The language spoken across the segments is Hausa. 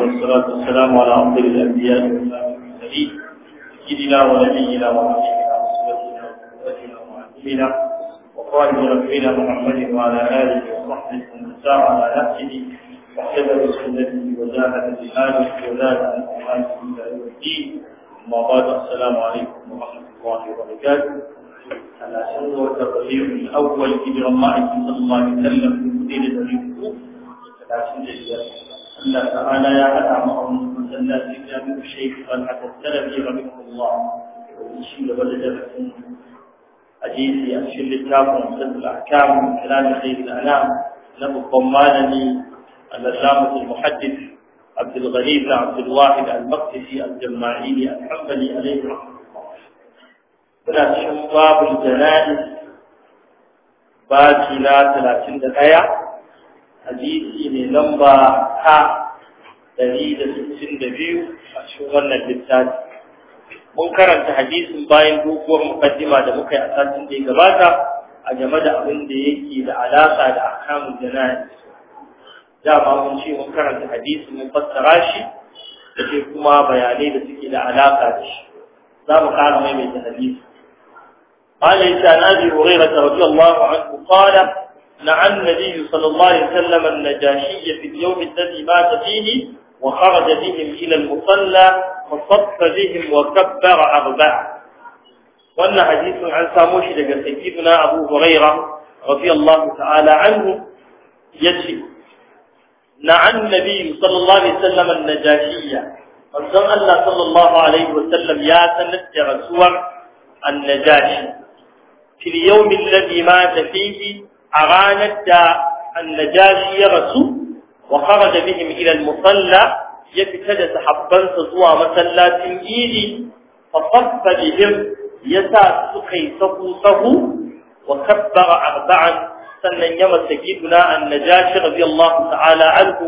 والصلاة والسلام على أفضل الأنبياء والمرسلين سيدنا ونبينا وحبيبنا وسيدنا وقوتنا وعلمنا وقائد ربنا محمد وعلى آله وصحبه ومن سار على نفسه واحتفل سنته وزاد بهذه وزاد عن أمانه إلى يوم الدين أما بعد السلام عليكم ورحمة الله وبركاته على سنة التطبيع الأول في رمائكم صلى الله عليه وسلم في مدينة الكوفة 来，谢谢。Allah ta'ala ya haɗa mu a wani masallaci ya mu shaikh Talha Salafi rahimahullah shi gaba da darasin hadisi a cikin littafin Musaddal Ahkam Kalam Khair al-Anam na babban malami al-Allamah al-Muhaddith عبد الغني عبد الواحد المقدسي الجماعي الحنبلي عليه رحمه الله ثلاث شباب الجنائز باجي لا 31 hadisi ne lamba ha dari da sittin da biyu a cikin wannan littafi mun karanta hadisin bayan doguwar mukaddima da muka yi a satin da ya gabata a game da abin da yake da alaƙa da ahkamun jana'i dama mun ce mun karanta hadisi mun fassara shi da ke kuma bayanai da suke da alaƙa da shi za mu ƙara mai mai da hadisi قال إن أبي هريرة رضي الله عنه قال نعى النبي صلى الله عليه وسلم النجاشي في اليوم الذي مات فيه وخرج بهم إلى المصلى فصف بهم وكبر أربعة وأن حديث عن ساموش لقد سيدنا أبو هريرة رضي الله تعالى عنه يجري نعى النبي صلى الله عليه وسلم النجاشية قد الله صلى الله عليه وسلم يا سنة رسول النجاشي في اليوم الذي مات فيه a ranar da annajashi ya rasu wa kharaja bihim ila al-musalla ya fita da sahabbansa zuwa masallacin idi fa saffa bihim yasa suka yi sahu sahu wa kabbara arba'an sannan ya masa giduna annajashi radiyallahu ta'ala anhu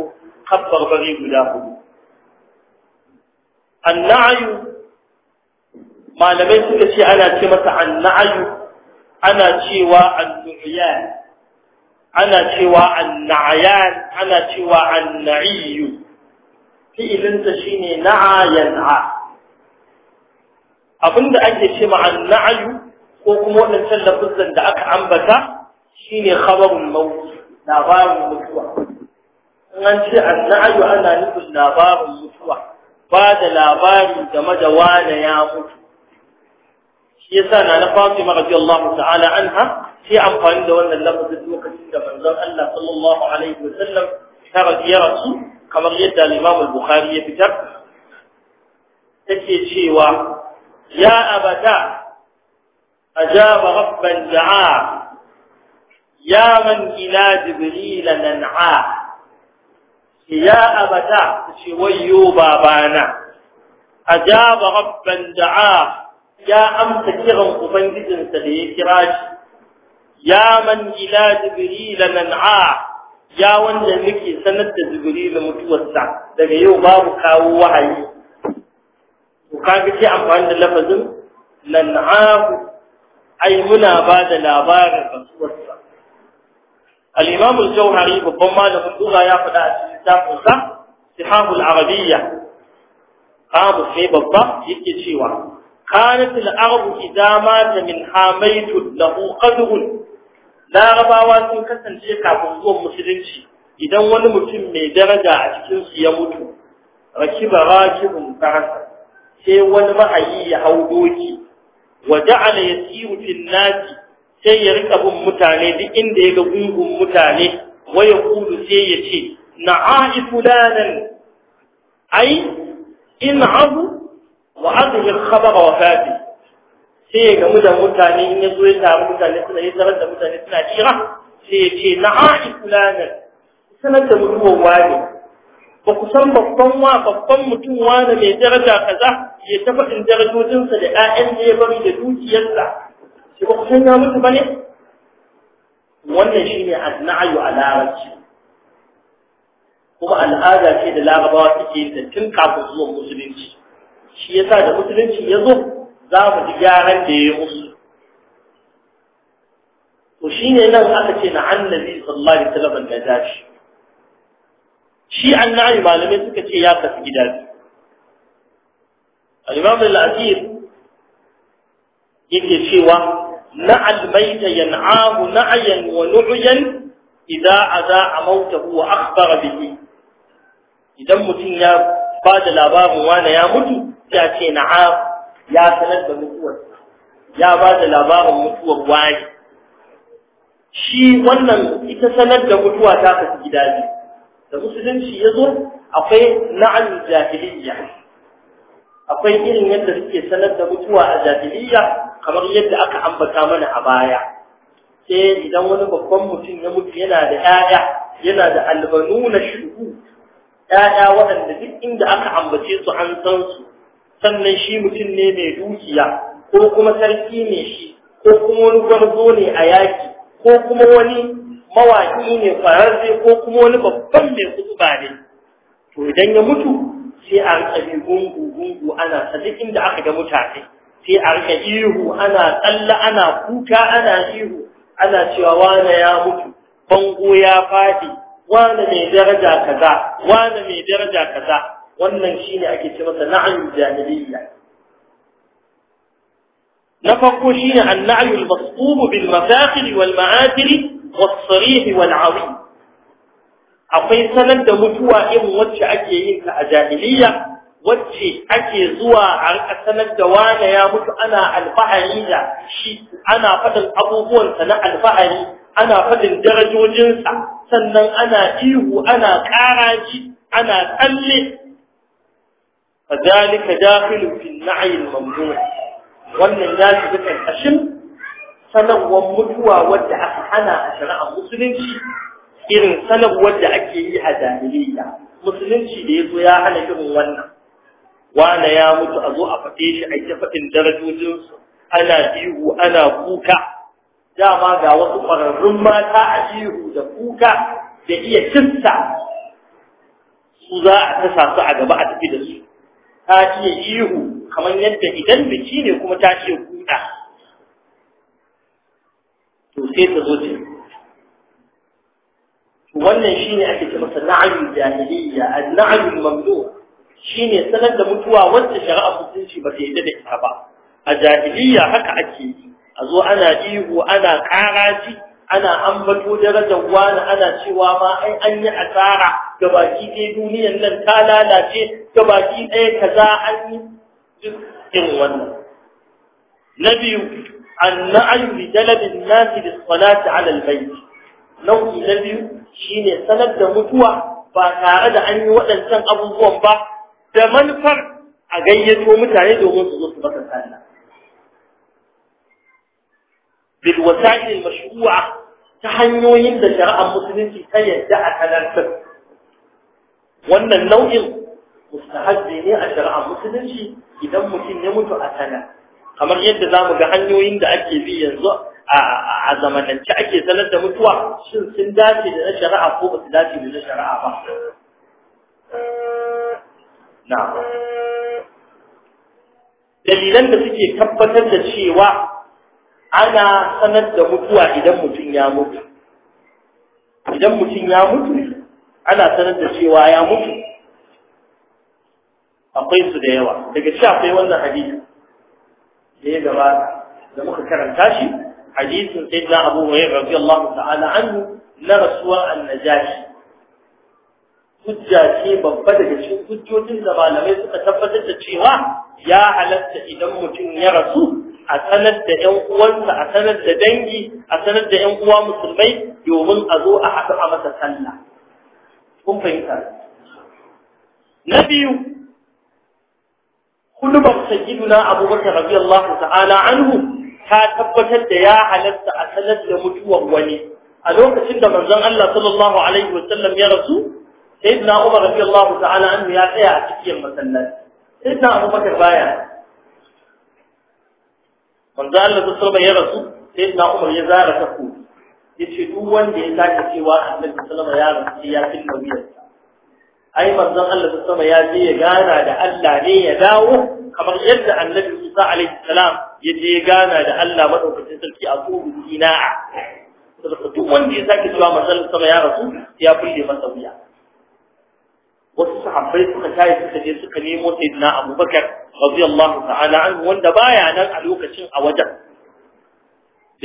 kabbar bari guda hudu annayu malamai suka ce ana ce masa annayu ana cewa annuyan ana cewa annayan ana cewa anna'iyu fi'ilinta shine na'a yan'a abinda ake ce ma annayu ko kuma wadannan lafazan da aka ambata shine khabarul maut labarin mutuwa in an ce annayu ana nufin labarin mutuwa ba da labari game da wani ya mutu shi yasa na na Fatima radiyallahu ta'ala anha في عقائد دولنا اللفظ الدوق السكفر قال ان صلى الله عليه وسلم قال يا رسول كما يدى الإمام البخاري يبتر تكيه شيوا يا أبدا أجاب ربا دعا يا من إلى جبريل ننعا يا أبدا شويو بابانا أجاب ربا دعا يا أم تكيغم أفنجد سليك راجي ya man ila jibril nan'a ya wanda nake sanar da jibril mutuwarsa daga yau babu kawo wahayi to kaga ce amfani da lafazin nan'ahu ai muna ba da labarin rasuwarsa al-imam al-jawhari babban malamin duba ya faɗa a cikin littafinsa al arabiyya babu sai babba yake cewa kanat arbu idama ta min hamaytu lahu qadrun larabawa sun kasance kafin zuwan musulunci idan wani mutum mai daraja a cikinsu ya mutu rakiba rakibun karasa sai wani ma'ayi ya hau doki wa ja'ala yasiru fil nasi sai ya rika bin mutane duk inda ya ga gungun mutane wa yaqulu sai ya ce na'i fulanan ai in abu wa adhi al kabara wa fati sai ya gamu da mutane in ya zo ya samu mutane suna yi zarar da mutane suna jira sai ya ce na a'i fulanin sanar da mutuwan wani ba ku san babban wa babban mutum wani mai daraja kaza ya ta faɗin darajojinsa da 'ya'yan da ya bari da dukiyarsa sai ba ku san ya mutu ba ne wannan shine anna'yu a larabci kuma al'ada ce da larabawa suke yin tun kafin zuwan musulunci shi yasa da musulunci ya zo za mu ji gyaran da ya musu to shi ne nan aka ce na annabi sallallahu alaihi wasallam da dashi shi annabi malamai suka ce ya tafi gida biyu al-imam al-azir yake cewa na'al maita yan'ahu na'yan wa nu'yan idza aza mautahu wa akhbara bihi idan mutum ya ba da labarin wani ya mutu ya ce na'am ya sanar da mutuwar, ya ba da labarin mutuwar wani shi wannan ita sanar da mutuwa ta kasu gida ne da musulunci ya zo akwai na'an jahiliya akwai irin yadda suke sanar da mutuwa a jahiliya kamar yadda aka ambata mana a baya sai idan wani babban mutum ya mutu yana da 'ya'ya yana da albanu na shuhu 'ya'ya waɗanda duk inda aka ambace su an san su sannan shi mutum ne mai dukiya ko kuma sarki ne shi ko kuma wani gwarzo ne a yaki ko kuma wani mawaƙi ne kwararre ko kuma wani babban mai ba ne to idan ya mutu sai a rika bi gungu gungu ana sa duk inda aka ga mutane sai a rika ihu ana tsalla ana kuka ana ihu ana cewa wane ya mutu bango ya faɗi wane mai daraja kaza wane mai daraja kaza wannan ne ake ce masa na'am jahiliyya na farko shine an-na'yu al-masqub bil mafaqir wal ma'atir was wal 'awim akwai sanar da mutuwa irin wacce ake yin ta a jahiliyya wacce ake zuwa a sanar da wane ya mutu ana alfahari da shi ana faɗin abubuwansa na alfahari ana faɗin darajojinsa sannan ana ihu ana ƙaraji ana tsalle فذلك داخل في النعي الممنوع wannan ya shiga karkashin sanarwar mutuwa wadda aka hana a shari'ar musulunci irin sanarwar da ake yi a jahiliya musulunci da ya zo ya hana irin wannan wane ya mutu a zo a faɗe shi a ta faɗin darajojinsu ana ihu ana kuka dama ga wasu ƙwararrun mata a ihu da kuka da iya cinta su za a tasa su a gaba a tafi da su ta iya ihu kamar yadda idan biki ne kuma ta iya kuɗa to sai ta zo ta wannan shine ake ce masa na'ayul jahiliya an-na'ayul mamnu shine sanar da mutuwa wacce shari'a mutunci ba ta yadda da ita ba a jahiliya haka ake a zo ana ihu ana karaji ana ambato darajar wani ana cewa ma ai an yi asara baki ɗaya duniyan nan ta lalace ga baki ɗaya kaza an yi duk irin wannan na biyu anna'ayu li nasi da salati ala albayt nau'i na biyu shine sanar da mutuwa ba tare da an yi waɗancan abubuwan ba da manufar a gayyato mutane domin su zo su maka sallah bil wasa'il ta hanyoyin da shari'ar musulunci ta yadda a kalantar wannan nau'in mustahabbi ne a shari'ar musulunci idan mutum ya mutu a sana kamar yadda zamu ga hanyoyin da ake bi yanzu a zamanance ake sanar da mutuwa shin sun dace da na shari'a ko ba su dace da na shari'a ba dalilan da suke tabbatar da cewa ana sanar da mutuwa idan mutum ya mutu idan mutum ya mutu ana sanar da cewa ya mutu akwai su da yawa daga ci akwai wannan hadisi da ya gaba da muka karanta shi hadisin sai da abu wa ya rabi Allah ta'ala anhu na rasuwa annajashi hujja ce babba daga cikin hujjojin da malamai suka tabbatar da cewa ya halatta idan mutum ya rasu a sanar da ‘yan uwansa a sanar da dangi a sanar da ‘yan uwa musulmai domin a zo a haɗu a masa sallah kun fahimta na biyu hudubar sayyiduna abubakar radiyallahu ta'ala anhu ta tabbatar da ya halatta a sanar da mutuwar wani a lokacin da manzon Allah sallallahu alaihi wasallam ya rasu na umar radiyallahu ta'ala anhu ya tsaya a cikin masallaci sayyidina abubakar baya manzo Allah ta sallallahu ya rasu sai na Umar ya zara ta ku ce duk wanda ya sake cewa Annabi sallallahu ya rasu ya fi wuyar ai manzo Allah ta sallallahu ya je ya gana da Allah ne ya dawo kamar yadda Annabi Musa alaihi salam ya je ya gana da Allah madaukakin sarki a tsoro sina'a duk wanda ya sake cewa manzo sallallahu ya rasu ya fulle masa wuya wasu sahabbai suka tayi suka je suka nemo sayyidina abubakar radiyallahu ta'ala anhu wanda baya nan a lokacin a wajen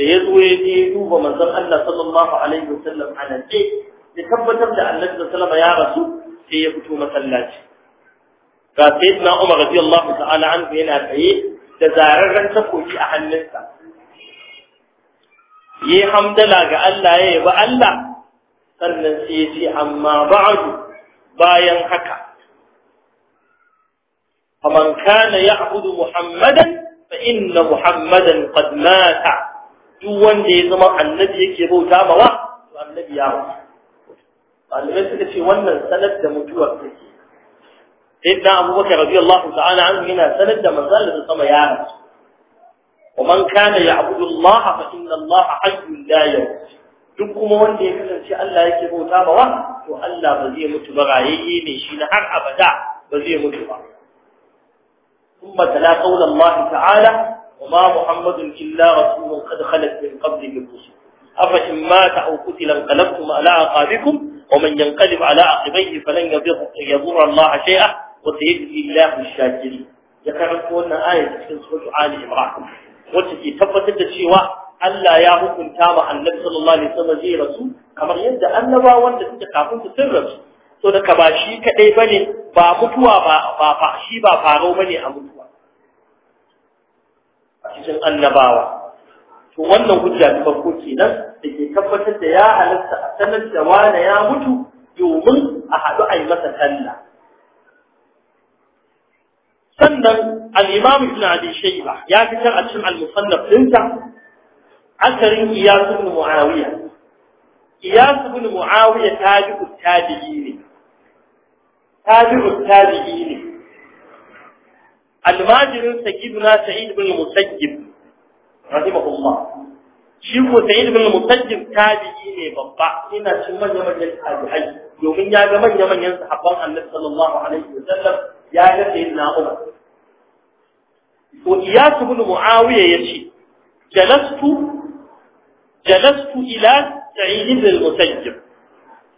da ya zo ya je duba manzon Allah sallallahu alaihi wasallam a nan eh, ya tabbatar da annabi sallallahu ya rasu sai ya fito masallaci ga sayyidina umar radiyallahu ta'ala anhu yana tsaye da zararren takobi a hannunsa yi hamdala ga Allah ya yi yabi Allah sannan sai ya ce amma ba'du bayan haka faman kana ya'budu muhammadan fa inna muhammadan qad mata duk wanda ya zama annabi yake bauta mawa to annabi ya mutu malamai suka ce wannan sanar da mutuwar take sayyidina abubakar radiyallahu ta'ala anhu yana sanar da manzo Allah sama ya rasu ومن كان يعبد الله فإن الله حي لا يموت duk kuma wanda ya kasance Allah yake bauta ba wa to Allah ba zai mutu ba rayayye ne shi na har abada ba zai mutu ba kuma tala qaul Allah ta'ala wa ma muhammadun illa rasulun qad khalat min qablihi rusul afa in mata aw qutila qalabtum ala aqabikum wa man yanqalib ala aqibihi falan yadhur Allah shay'a wa sayajzi Allahu shakirin ya karanto wannan ayat cikin sura Ali Imran wacce ke tabbatar da cewa Allah ya hukunta ma annabi sallallahu alaihi wasallam zai rasu kamar yadda annabawan da suka kafin su sun rasu to da ka ba shi kadai bane ba mutuwa ba ba shi ba faro bane a mutuwa a cikin annabawa to wannan hujja ta farko kenan da ke tabbatar da ya halatta a sanar da wani ya mutu domin a haɗu a yi masa sallah sannan al'imamu ibn abi shayba ya fitar a cikin al-musannaf dinsa asarin iyasu bin mu'awiya iyasu bin mu'awiya tabi'u tabi'i ne tabi'u tabi'i ne almajirin sayyiduna sa'id bin musayyib rahimahullah shi ko sa'id bin musayyib tabi'i ne babba ina cin manyan manyan tabi'ai domin ya ga manya manyan sahabban annabi sallallahu alaihi wasallam ya ga sayyidina umar to iyasu bin mu'awiya yace jalastu jalastu ila sa'id ibn al-musayyib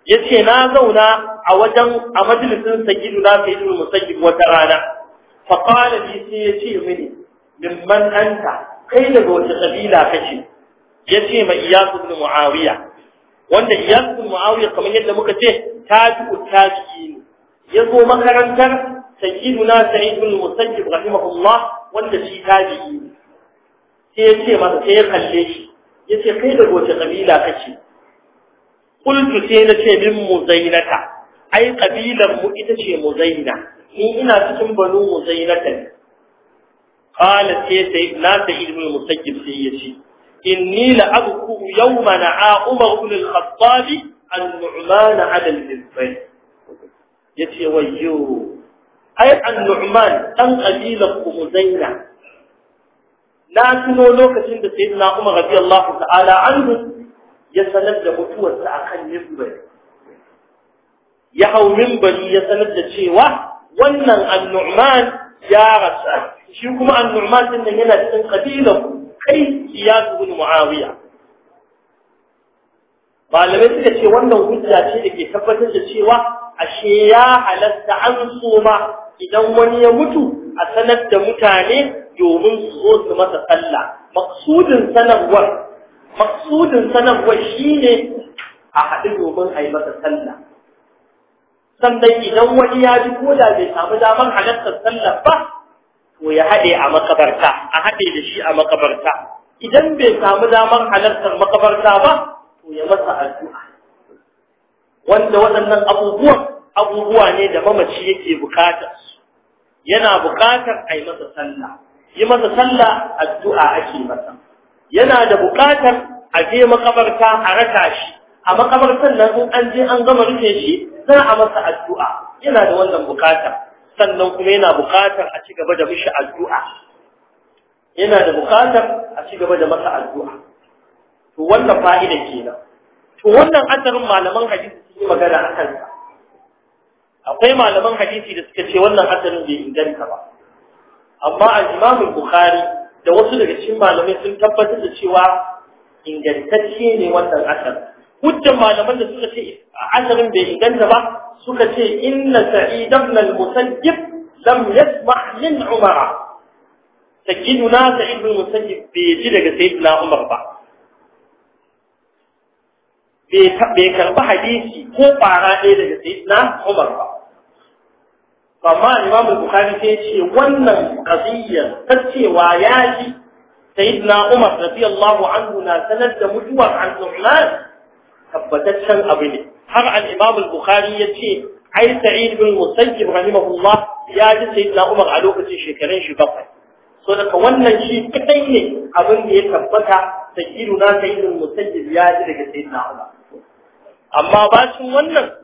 yace na zauna a wajen a majalisin sayyiduna sa'id ibn al-musayyib wata rana fa qala li sai yace mini man anta kai daga wata kabila kace yace ma iyas ibn muawiya wanda iyas ibn muawiya kamar yadda muka ce tabi'u tabi'in yazo makarantar sayyiduna sa'id ibn al-musayyib rahimahullah wanda shi tabi'i sai yace masa sai ya kalle shi yace kai da goce kabila kace qultu sai na ce min Zainata. ai kabilan mu ita ce mu Zaina. ni ina cikin banu Zainata ne qala sai sai na sai ibn musajjib sai yace inni la yau mana a umar ibn al-khattab an-nu'man 'ala al Ya ce, wayyo ai an-nu'man dan kabilan ku Zaina. na tuno lokacin da sayyidina Umar radiyallahu ta'ala anhu ya sanar da mutuwarsa akan minbari ya hau minbari ya sanar da cewa wannan annu'man ya rasa shi kuma annu'man din nan yana cikin kabilan kai ya ibn muawiya malamai suka ce wannan hujja ce da ke tabbatar da cewa ashe ya halatta an soma idan wani ya mutu a sanar da mutane domin su zo su masa sallah maksudin sanarwar maksudin sanarwar shine a haɗu domin a yi masa sallah sannan idan wani ya ji ko da bai samu damar halartar sallah ba to ya haɗe a makabarta a haɗe da shi a makabarta idan bai samu damar halartar makabarta ba to ya masa addu'a wanda waɗannan abubuwan abubuwa ne da mamaci yake bukatar yana bukatar a yi masa sallah yi masa sallah addu'a ake masa yana da buƙatar a je makabarta a raka shi a makabartar nan in an je an gama rufe shi za a masa addu'a yana da wannan buƙatar sannan kuma yana buƙatar a ci gaba da mishi addu'a yana da buƙatar a ci gaba da masa addu'a to wannan fa'ida kenan to wannan asarin malaman hadisi sun yi magana a kansa akwai malaman hadisi da suka ce wannan asarin bai inganta ba amma a imam Bukhari da wasu daga cikin malamai sun tabbatar da cewa ingantacce ne wannan asar hujjan malaman da suka ce asarin bai inganta ba suka ce inna sa'id ibn al-musayyib lam yasma' min umara sayyiduna sa'idun ibn bai ji daga sayyidina umar ba bai karba hadisi ko fara ɗaya daga sayyidina umar ba amma imam al-bukhari sai ya ce wannan qadiyya ta cewa ya ji sayyidina umar radiyallahu anhu na sanar da mutuwar al-nu'man tabbataccen abu ne har al-imam al-bukhari ya ce ai sa'id bin musayyib rahimahullah ya ji sayyidina umar a lokacin shekarun shi bakwai so daga wannan shi kadai ne abin da ya tabbata sayyiduna sayyidul musayyib ya ji daga sayyidina umar amma bacin wannan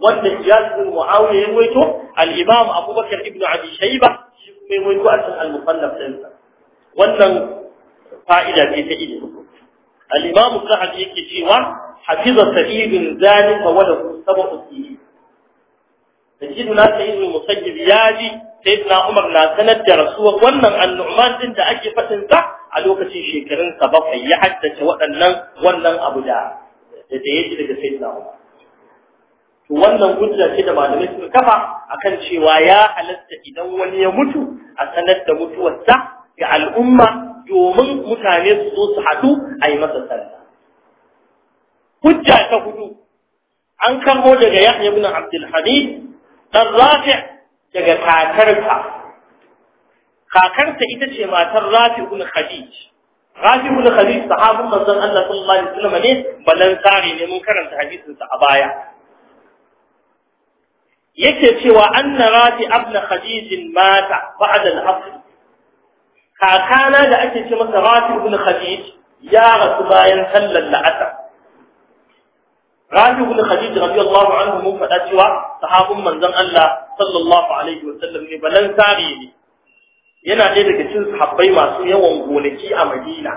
wanda Iyad bin Muawiya ya waito, al-Imam Abu Bakar ibn Abi Shayba shi kuma ya ruwaito asan al-Musannaf din wannan fa'ida ce ta ilimi al-Imam Zahabi yake cewa hafiza sa'idun zalika wa lahu sab'u sinin sayyiduna sayyidul musayyib yaji sayyidina Umar na sanar da rasuwar wannan annu'man din da ake fadin sa a lokacin shekarun sa bakwai ya haddace waɗannan wannan abu da da yake daga sayyidina Umar to wannan hujja ce da malamai suka kafa akan cewa ya halatta idan wani ya mutu a sanar da mutuwarsa ga al'umma domin mutane su zo su haɗu a yi masa sallah hujja ta hudu an karbo daga Yahya ibn Abdul Hamid dan Rafi daga kakarsa kakarsa ita ce matar Rafi ibn Khadij Rafi ibn Khadij sahabin manzon Allah sallallahu alaihi wasallam ne balan ne mun karanta hadisin sa a baya yake cewa anna rafi abna khadijin mata ba'da al kakana da ake ce masa rafi ibn khadij ya rasu bayan sallar la'asar rafi ibn khadij radiyallahu anhu mun faɗa cewa sahabun manzon Allah sallallahu alaihi wa sallam ne balan sare ne yana ɗaya daga cikin sahabbai masu yawan gonaki a Madina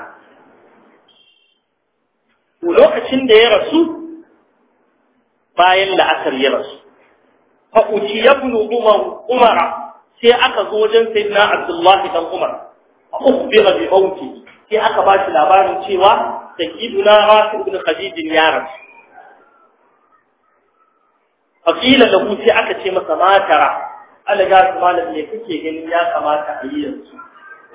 to lokacin da ya rasu bayan la'asar ya rasu fa utiya ibn umar umara sai aka zo wajen sayyidina abdullahi dan umar a uku bi mauti sai aka ba shi labarin cewa sayyiduna rafi ibn khadij ya rasu fakila lahu sai aka ce masa matara ala ga su malam ne kake ganin ya kamata a yi yanzu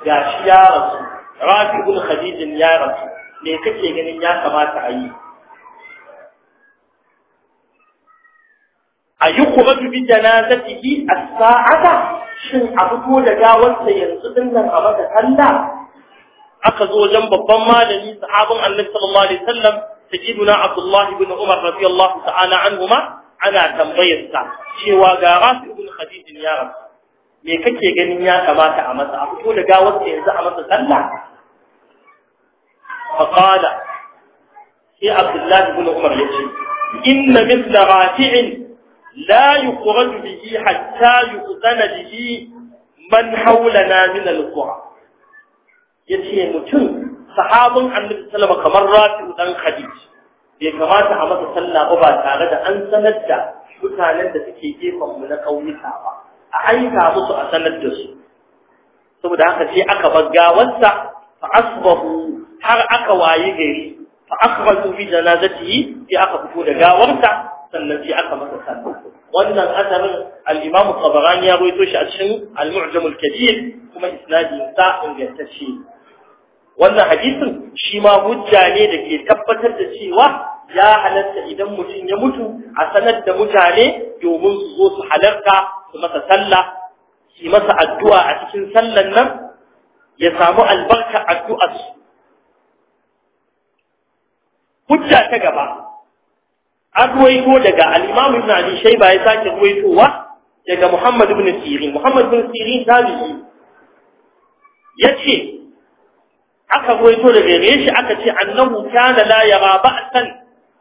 ga shi ya rasu rafi ibn khadij ya rasu ne kake ganin ya kamata a yi a yi kuma dubi janazatihi a sa'ata shin a fito da gawarsa yanzu din nan a mata kalla aka zo wajen babban malami sahabin annabi sallallahu alaihi wasallam sayyiduna abdullahi ibn umar radiyallahu ta'ala anhuma ana tambayar sa cewa ga rafi ibn khadij ya rasu me kake ganin ya kamata a masa a fito da gawarsa yanzu a masa sallah faqala sai abdullahi ibn umar yace inna mithla rafi'in لا يخرج به حتى يؤذن به man haulana min al-qura yace mutum sahabin annabi sallama kamar rafi dan khadij bai kamata a masa sallah ba ba tare da an sanar da mutanen da suke gefen mu na kauyuka ba a aika musu a sanar da su saboda haka sai aka bar gawarsa fa asbahu har aka waye gari fa akhraju bi janazatihi sai aka fito da gawarsa sannan sai aka masa sallah wannan asarin al-Imam ya rawaito shi a cikin al kuma isnadin sa ingantacce wannan hadisin shi ma hujja ne da ke tabbatar da cewa ya halatta idan mutum ya mutu a sanar da mutane domin su zo su halarta su masa sallah su masa addu'a a cikin sallan nan ya samu albarka addu'ar su hujja ta gaba an ruwaito daga al Ibn Ali Shayba ya sake ruwaitowa daga Muhammad ibn Sirin Muhammad ibn Sirin Ya ce aka ruwaito daga gare shi aka ce annahu kana la a san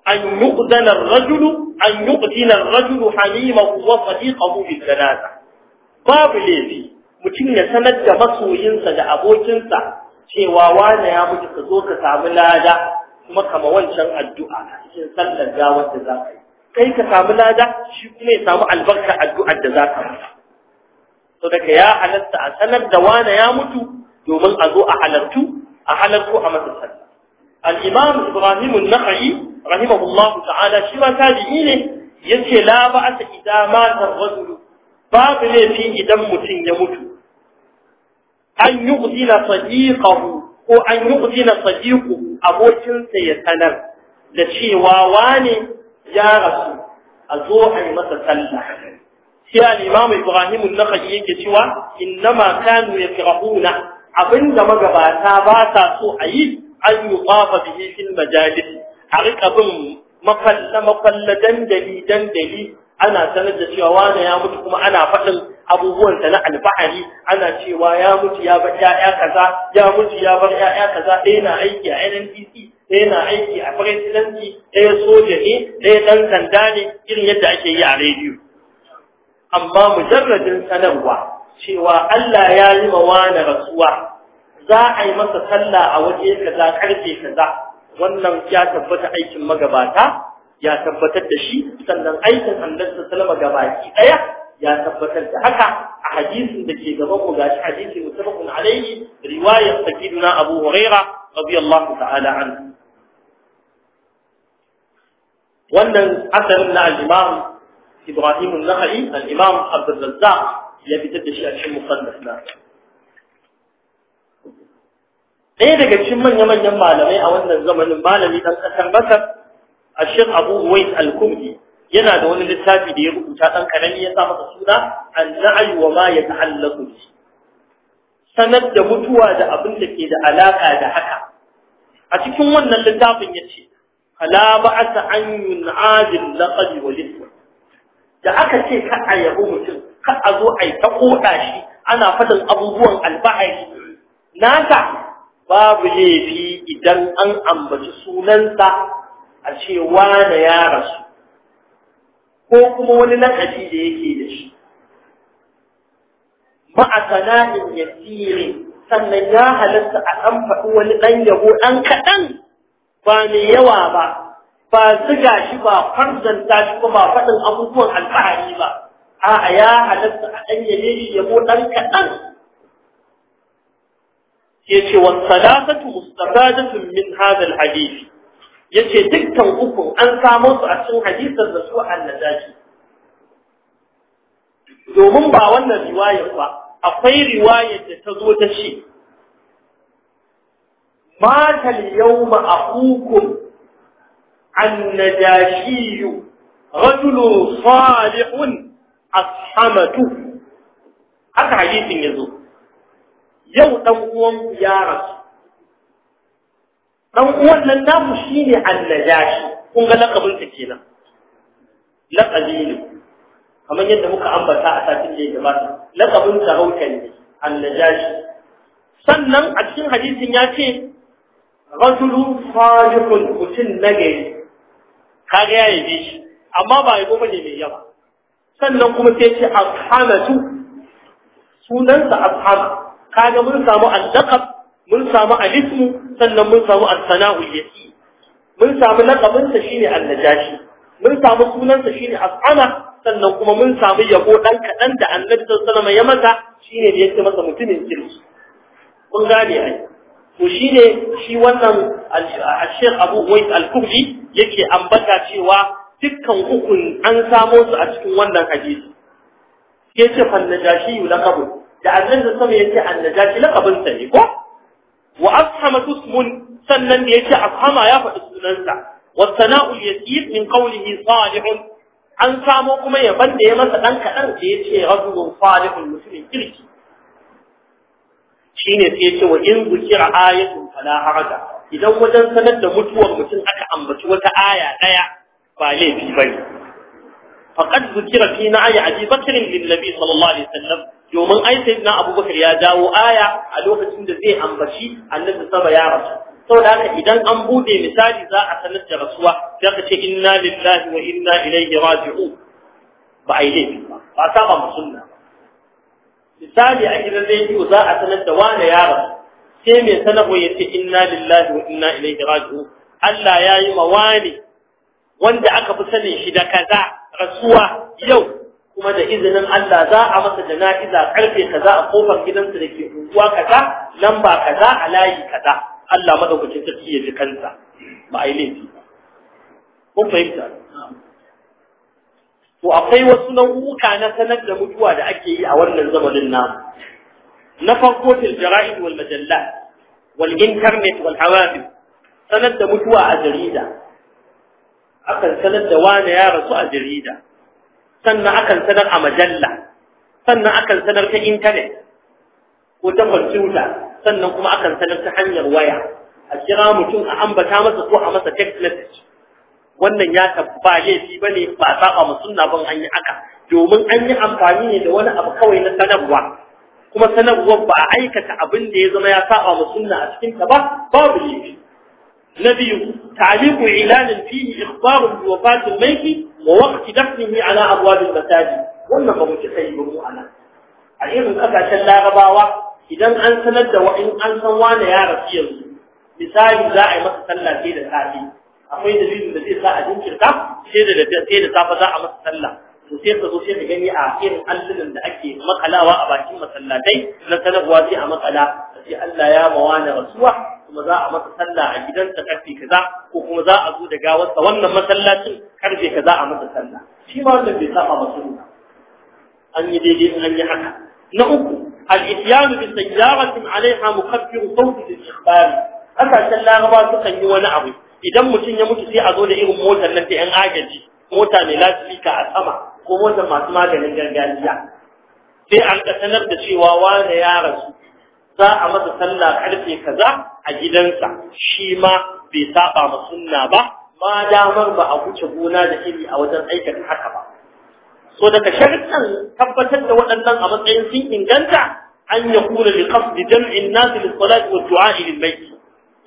an yuqdana ar-rajul an yuqdina ar-rajul halimahu wa sadiqahu bil janaza babu laifi mutum ya sanar da masoyinsa da abokinsa cewa wane ya mutu ka zo ka samu lada kuma kama wancan addu'a a cikin sallar gawar da za ka yi kai ka samu lada shi kuma ya samu albarka addu'ar da za ka masa to ya halatta a sanar da wana ya mutu domin a zo a halartu a halartu a masa sallah al-imam ibrahim an-nakhai rahimahullah ta'ala shi ne yace la ba'ata idza mata ar-rajul babu laifi idan mutum ya mutu an yuqdina sadiqahu ko an yuqdina sadiquhu abokinsa ya sanar da cewa wani ya rasu a zo a yi masa sallah sai al-imam Ibrahim an-Nakhai yake cewa innama kanu yakrahuna abinda magabata ba sa so a yi an yuqafa bihi fil majalis a rika bin mafalla dandali dandali ana sanar da cewa wani ya mutu kuma ana faɗin abubuwansa na alfahari ana cewa ya mutu ya bar ya'ya kaza ya mutu ya bar ya'ya kaza ɗaya na aiki a NNPC ɗaya na aiki a presidanci ɗaya soja ne ɗaya ɗan sanda ne irin yadda ake yi a rediyo amma mujarradin sanarwa cewa Allah ya yi mawana rasuwa za a yi masa sallah a waje kaza karfe kaza wannan ya tabbata aikin magabata ya tabbatar da shi sannan aikin annabi sallallahu alaihi wasallam gabaki daya ya tabbatar da haka a hadisin da ke gaban mu gashi hadisi mutafakun alaihi riwayar sakiduna abu huraira radiyallahu ta'ala an wannan asalin na al-imam ibrahim an-nakhai al-imam abdul razzaq ya fitar da shi a cikin musannaf na ɗaya daga cikin manya-manyan malamai a wannan zamanin malami dan kasar basar a shek abu wais al-kumdi yana da wani littafi da ya rubuta ɗan karami ya sa masa suna an wa ma ya sanar da mutuwa da abin da ke da alaka da haka a cikin wannan littafin ya ce fala ba'asa an yun'adil laqab wal da aka ce ka a yabo mutum ka a zo a yi ta koda shi ana fadin abubuwan albahari nata babu laifi idan an ambaci sunansa a ce na ya rasu ko kuma wani lakabi da yake da shi ma'a sana'in yasiri sannan ya halatta a ɗan faɗi wani ɗan yabo ɗan kaɗan ba mai yawa ba ba ziga shi ba farzanta shi ba ba faɗin abubuwan alfahari ba a'a ya halatta a ɗan yabe shi yabo ɗan kaɗan ya ce wa sadaqatu mustafadatun min hadha alhadith yace dukkan uku an samu su a cikin hadisin da su annajashi domin ba wannan riwaya ba akwai riwaya da ta zo ta ce ma al-yawma akukum annajashi rajul salih ashamatu haka hadisin yazo yau dan uwan ya rasu dan uwan nan namu shine annajashi kun ga lakabin ta kenan lakabi ne kamar yadda muka ambata a satin da ya gabata lakabin ne annajashi sannan a cikin hadisin ya ce rajulu salihun mutum nagari kaga ya ne shi amma ba ya yabo ne mai yawa sannan kuma sai ce ashamatu sunansa Ka kaga mun samu al-laqab mun samu alismu sannan mun samu al-sana'u yati mun samu laqabin sa shine al-najashi mun samu sunan sa shine as'ana sannan kuma mun samu yabo dan kadan da annabi sallallahu alaihi wasallam ya masa shine da yake masa mutumin kirki kun gane ai to shine shi wannan al-sheikh Abu Uwais al-Kubri yake ambata cewa dukkan ukun an samo su a cikin wannan hadisi yace fa najashi laqabu da annabi sallallahu alaihi wasallam yace an najashi laqabin sa ne ko wa ashama ismun sannan da yake afhama ya faɗi sunansa wa sana'u yasir min qawlihi salihun an samo kuma yaban da ya masa dan kadan da yace rajulun salihun mutumin kirki shine sai yace wa in zukira ayatun fala haraja idan wajen sanar da mutuwar mutum aka ambaci wata aya daya ba laifi bane faqad zikira fi na'i abi bakr lin nabi sallallahu alaihi wasallam domin ai sai na abubakar ya dawo aya a lokacin da zai ambaci annabi saba ya rasu saboda haka idan an bude misali za a sanar da rasuwa sai ka ce inna lillahi wa inna ilaihi raji'u ba a yi laifi ba ba saba mu sunna misali a gidan rediyo za a sanar da wani ya rasu sai mai sanarwa ya ce inna lillahi wa inna ilaihi raji'u Allah ya yi ma wani wanda aka fi sanin shi da kaza rasuwa yau kuma da izinin Allah za a masa jana'iza karfe kaza a kofar gidansa da ke unguwa kaza lamba kaza a layi kaza Allah madaukakin sarki ya ji kansa ba a yi laifi kun fahimta to akwai wasu nau'uka na sanar da mutuwa da ake yi a wannan zamanin namu na farko til jara'id wal majallat wal internet wal hawadith sanar da mutuwa a jarida akan sanar da wani ya rasu a jarida sannan akan sanar a majalla sannan akan sanar ta intanet ko ta kwamfuta sannan kuma akan sanar ta hanyar waya a kira mutum a ambata masa ko a masa text message wannan ya tabba laifi ba ne ba saba mu ban an yi aka domin an yi amfani ne da wani abu kawai na sanarwa kuma sanarwar ba a aikata abin da ya zama ya saba mu sunna a cikin ba babu laifi نبي تعليق إعلان فيه إخبار بوفاة الميت ووقت دفنه على أبواب المساجد wannan ba mu ci sai ba mu ala. a irin ƙasashen larabawa idan an sanar da in an san wani ya rasu yanzu misali za a yi masa sallah sai da safe akwai dalilin da zai sa a jinkirta sai da sai safe za a masa sallah to sai ka zo gani a irin allunan da ake makalawa a bakin masallatai na sanarwa sai a makala sai Allah ya na rasuwa kuma za a masa sallah a gidansa karfe kaza ko kuma za a zo da gawarsa wannan masallacin karfe kaza a masa sallah shi ma wannan bai saba ba sunna an yi daidai in an yi haka na uku al-isyanu bi sayyaratin alaiha mukaffiru sawti al-ikhbari kasashen laraba sukan yi wani abu idan mutum ya mutu sai a zo da irin motar nan ta yan agaji mota mai lasifika a sama ko motar masu maganin gargajiya sai an sanar da cewa wane ya rasu za a masa sallah karfe kaza a gidansa shi ma bai saba ma sunna ba ma damar ba a wuce gona da iri a wajen aikata haka ba so daga sharuɗan tabbatar da waɗannan a matsayin sun inganta an ya kula da qasdi jam'in nas lil salat wa du'a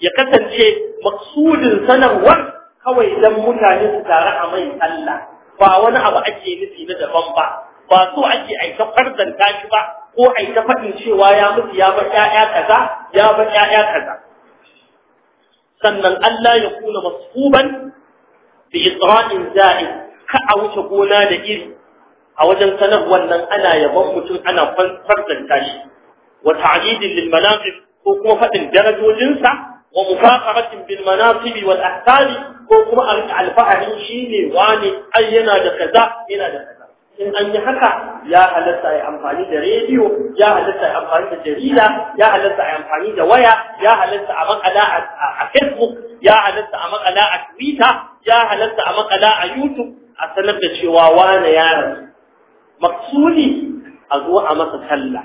ya kasance maksudin sanarwar kawai dan mutane su tare a mai Allah ba wani abu ake nufi na daban ba ba so ake aika farzanta shi ba ko aika faɗin cewa ya mutu ya bar ƴaƴa kaza ya bar ƴaƴa kaza sannan Allah ya kuna maskuban bi isra'in za'i ka a wuce gona da iri a wajen sanar wannan ana yaban mutum ana farzanta tashi. wa ta'idin lil manaqib ko kuma fadin darajojinsa wa mufaqaratin bil manaqib wal ahsani ko kuma alfahari shine wani ai yana da kaza yana da kaza in an yi haka ya halatta a yi amfani da rediyo ya halatta a yi amfani da jarida ya halatta a yi amfani da waya ya halatta a makala a facebook ya halatta a makala a twitter ya halatta a makala a youtube a sanar da cewa wane yaron maksudi a zo a masa sallah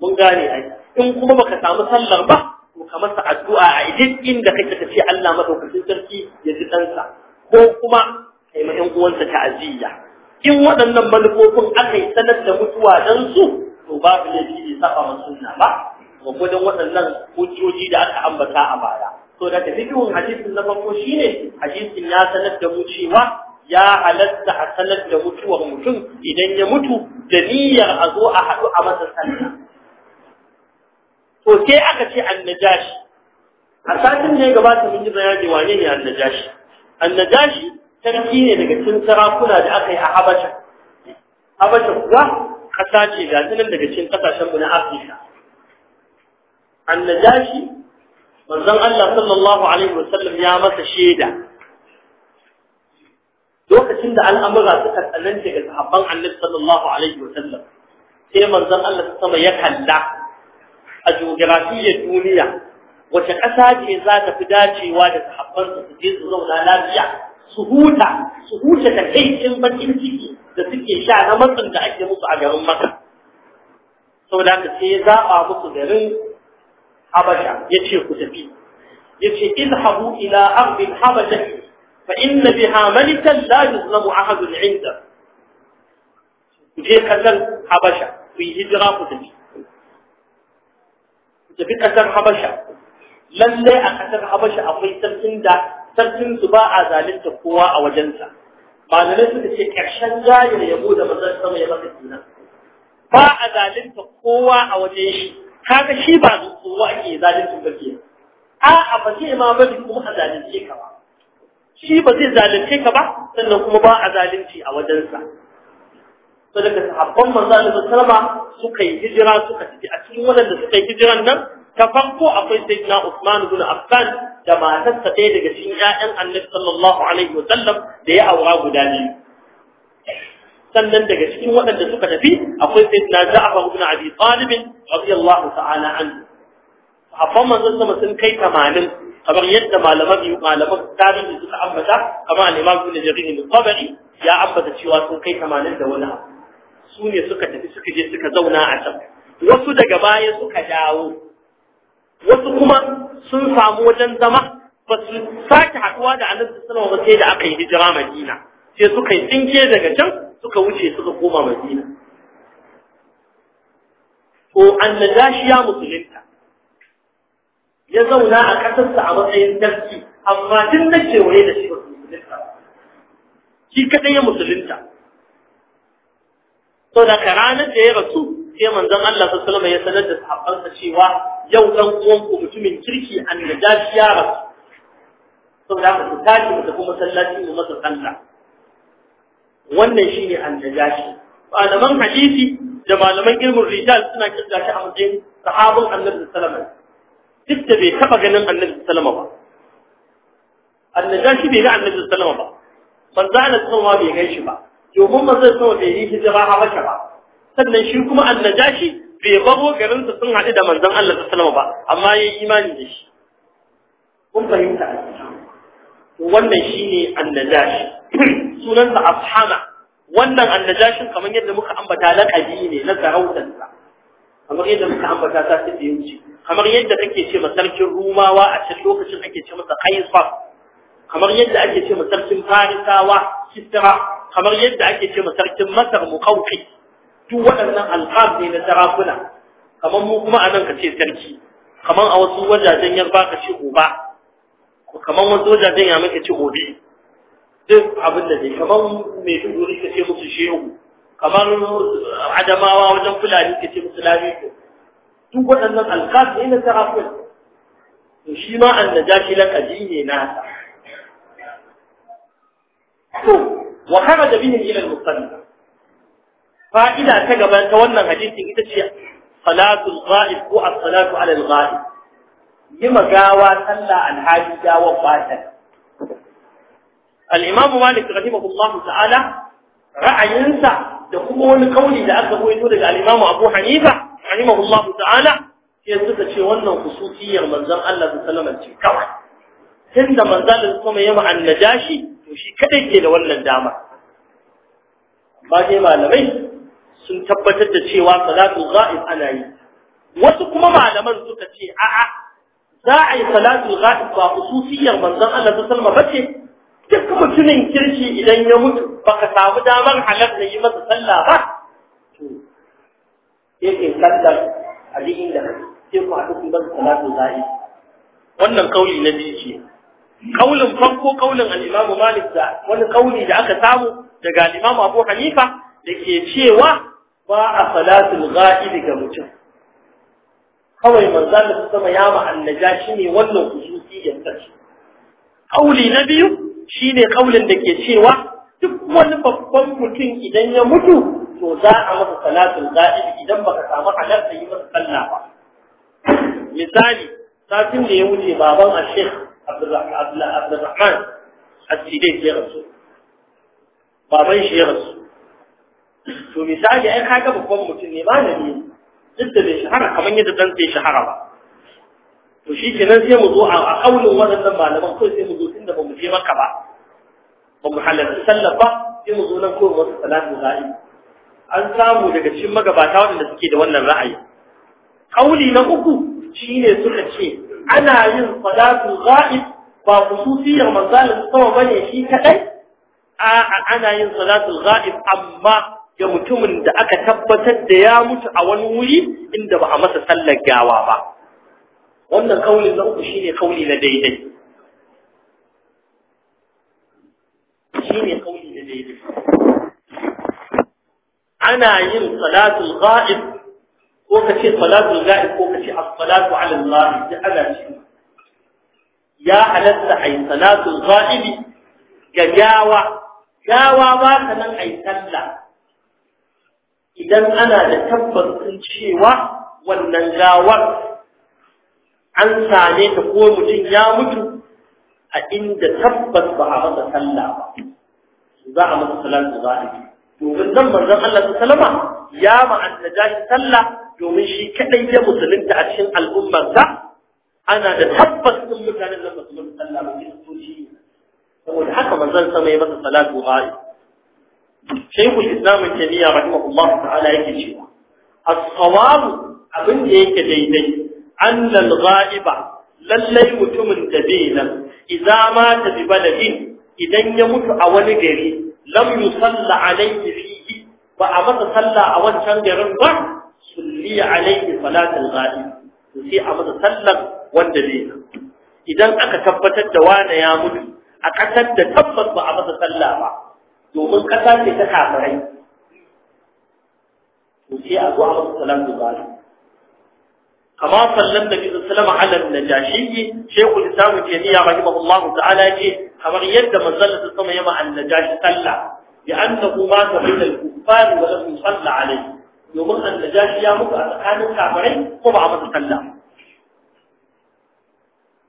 mun gane ai in kuma baka samu sallar ba to ka masa addu'a a Idan, inda kake ka ce Allah madaukakin sarki ya ji ɗansa ko kuma kai ma ƴan uwansa ta'aziyya in waɗannan manufofin aka yi sanar da mutuwa don su to babu laifi ne saba wa sunna ba waɗannan hujjoji da aka ambata a baya to da tafi biyun hadisin na farko ne, hadisin ya sanar da mu ya halatta a sanar da mutuwar mutum idan ya mutu da niyyar a zo a haɗu a masa sallah to sai aka ce annajashi a satin ne ya gabata mun ji bayani wane ne annajashi annajashi sarki ne daga cikin sarakuna da aka yi a Habasha Habasha kuwa ƙasa ce ga nan daga cikin ƙasashen mu na Afirka annajashi manzon Allah sallallahu alaihi wasallam ya masa shaida lokacin da al'amura suka tsananta ga sahabban Annabi sallallahu alaihi wasallam sai manzon Allah sama ya kalla a geografiyar duniya wace ƙasa ce za ta fi dacewa da sahabban su je su zauna lafiya su huta su huta da kaicin bakin ciki da suke sha na matsin da ake musu a garin maka saboda haka sai ya zaɓa musu garin habasha ya ce ku tafi ya ce in izhabu ila ardil habasha fa inna biha malikan la yuzlamu ahadun inda ku je kasar habasha ku yi hijira ku tafi ku tafi kasar habasha lallai a kasar habasha akwai sarkin da sarkin su ba a zalunta kowa a wajensa malamai suka ce ƙarshen da yabo da mazan sama ya maka kenan ba a zalunta kowa a wajen shi kaga shi ba kowa ake zalinta ba ke a'a ba zai ma bari kuma a zalunce ka ba shi ba zai zalunce ka ba sannan kuma ba a zalunci a wajensa sai daga sahabban manzo Allah sallama suka yi hijira suka tafi a cikin waɗanda suka yi hijiran nan ta farko akwai sayyidina Usman ibn Affan da matarsa ɗaya daga cikin ya'yan annabi sallallahu alaihi wa sallam da ya aura guda biyu sannan daga cikin waɗanda suka tafi akwai sayyidina Ja'far ibn Abi Talib radiyallahu ta'ala anhu sahabban manzon sama sun kai 80 kamar yadda malaman malaman tarihi suka ambata kamar al-Imam Ibn Jarir al-Tabari ya ambata cewa sun kai 80 da wani abu su ne suka tafi suka je suka zauna a can wasu daga baya suka dawo wasu kuma sun samu wajen zama ba su sake haɗuwa da annabi sallallahu alaihi wasallam sai da aka yi hijira Madina sai suka yi tsinke daga can suka wuce suka koma Madina ko annajashi ya musulunta ya zauna a ƙasarsa a matsayin sarki amma tun da kewaye da shi ba musulunta shi kaɗai ya musulunta to da ranar da ya rasu sai manzon Allah sallallahu alaihi wasallam ya sanar da sahabbansa cewa yau ɗan uwan ku mutumin kirki an da jashi ya rasu sau da ku tashi da tafi masallaci da masa sallah wannan shine an da jashi malaman hadisi da malaman ilmin rijal suna kirga shi a matsayin sahabin annabi salama. duk da bai taɓa ganin annabi salama ba annajashi bai ga annabi salama ba manzo Allah sallallahu bai gaishe ba domin manzo sallallahu bai yi hijira Habasha ba sannan shi kuma annajashi bai baro garinsa sun haɗu da manzon Allah ta salama ba amma ya yi imani da shi kun fahimta wannan shi ne annajashi sunansa afhama wannan annajashin kamar yadda muka ambata laƙabi ne na sarautar sarautarsa kamar yadda muka ambata ta su da yauci kamar yadda kake ce masarkin rumawa a cikin lokacin ake ce masa kaisar kamar yadda ake ce masarkin farisawa kisra kamar yadda ake ce masarkin masar muqawqi duk waɗannan alfaf ne na sarakuna kamar mu kuma a nan ka ce sarki kamar a wasu wajajen ya ka ce uba kamar wasu wajajen ya maka ce obi duk abin da dai kamar mai duguri ka ce musu shehu kamar adamawa wajen fulani ka ce musu lamiko duk waɗannan alfaf ne na sarakuna to shi ma annajashi lakabi ne nasa to wa kharaja bihi ila al fa'ida ta gaba ta wannan hadisin ita ce salatul ghaib ko as-salatu ala al-ghaib yi magawa talla alhaji gawa fata al-imam malik rahimahullahu ta'ala ra'ayinsa da kuma wani kauli da aka goyo daga al-imam abu hanifa rahimahullahu ta'ala sai suka ce wannan kusufiyar manzon Allah sallallahu alaihi wasallam ce kawai tunda manzon Allah kuma ya ma'annaja jashi? to shi kadai ke da wannan dama ba dai malamai sun tabbatar da cewa salatu ghaib ana yi wasu kuma malaman suka ce a'a za a yi salatu ghaib ba hususiyar manzon Allah ta sallama bace duk mutumin kirki idan ya mutu ba ka samu damar halarta yi masa sallah ba to yake sallar a duk inda sai ku haɗu ku bar salatu ghaib wannan kauli na biyu ce kaulin farko kaulin al-Imam Malik da wani kauli da aka samu daga al-Imam Abu Hanifa da ke cewa ba a salatul ga'ib ga mutum kawai manzan da sama ya ma shi ne wannan kususiyyar sarki kauli na biyu shine kaulin da ke cewa duk wani babban mutum idan ya mutu to za a masa salatul ga'ib idan baka samu halarta yi masa sallah ba misali satin da ya wuce baban a ya rasu baban shi ya rasu to misali ai ka babban mutum ne malami duk da bai shahara kamar yadda dan zai shahara ba to shi kenan sai mu zo a kaulin waɗannan malaman ko sai mu zo tun ba mu je maka ba ba mu halarci sallah ba sai mu zo nan ko wasu salatu an samu daga cikin magabata waɗanda suke da wannan ra'ayi kauli na uku shine suka ce ana yin salatu za'i ba khususiyar manzalin sama bane shi kadai a ana yin salatul ghaib amma ga mutumin da aka tabbatar da ya mutu a wani wuri inda ba a masa sallar gawa ba wannan kauli na uku shine kauli na daidai shine kauli na daidai ana yin Salatu ghaib ko ka ce Salatu ghaib ko kace as-salatu ala Allah da ana shi ya halatta ay Salatu ghaib ga gawa gawa ba sanan ay sallah idan ana da tabbacin cewa wannan gawar an same ta ko mutum ya mutu a inda tabbas ba a masa sallah ba za a masa salatu za a yi domin zan manzon Allah ta salama ya ma'annaja shi sallah domin shi kaɗai ya musulunta a cikin al'ummarsa ana da tabbas ɗin mutanen nan ba su masa sallah ba ne saboda haka manzon sama ya masa salatu ba shaykhul islam tamiya rahimahullahu ta'ala yake cewa as-sawab abin da yake daidai annal ghaiba lallai mutumin da bai nan idza mata bi baladin idan ya mutu a wani gari lam yusalla alayhi fihi ba a masa sallah a wancan garin ba sulli alayhi salatul ghaib sai a masa sallar wanda bai nan idan aka tabbatar da wani ya mutu a ƙasar da tabbas ba a masa sallah ba domin ƙasa ce ta kafirai to sai a zo a masu salam dubara kama sallan da bisa salama alal na ke shekul islamu taimiyya rahimahullahu ta'ala ce kamar yadda manzon ta sama yama an jashi sallah bi annahu kuma ta bin kufari kuffar wa lam yusalla alayhi domin an jashi ya mutu a tsakanin kafirai kuma ba a masa sallah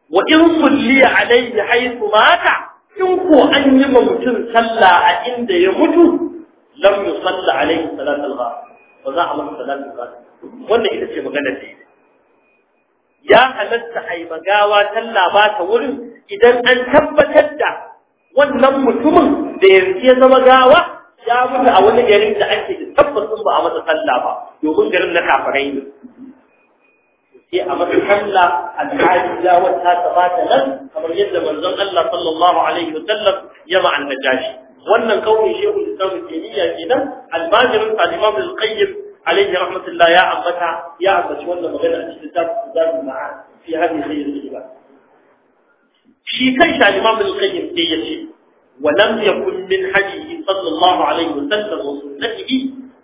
wa in sulli alayhi haythu mata in ko an yi ma mutum sallah a inda ya mutu lam yusalla alaihi salatu al-ghafir ba za a masa salatu al-ghafir wannan ita ce maganar da ya halatta ai magawa sallah ba ta wurin idan an tabbatar da wannan mutumin da yanzu ya zama gawa ya mutu a wani garin da ake da tabbasin ba a masa sallah ba domin garin na kafirai ne sai a masa sallah alhaji da wata ta bata nan kamar yadda manzon Allah sallallahu alaihi wasallam ya ma annajashi wannan kauli shehu Islam Taymiya kenan almajirin Imam al-Qayyim alaihi rahmatullah ya ambata ya ambaci wannan magana a cikin kitabul Zadul Ma'ad fi hadhihi al-riba shi kan shi Imam al-Qayyim sai ya ce ولم يكن من حديث صلى الله عليه وسلم وسنته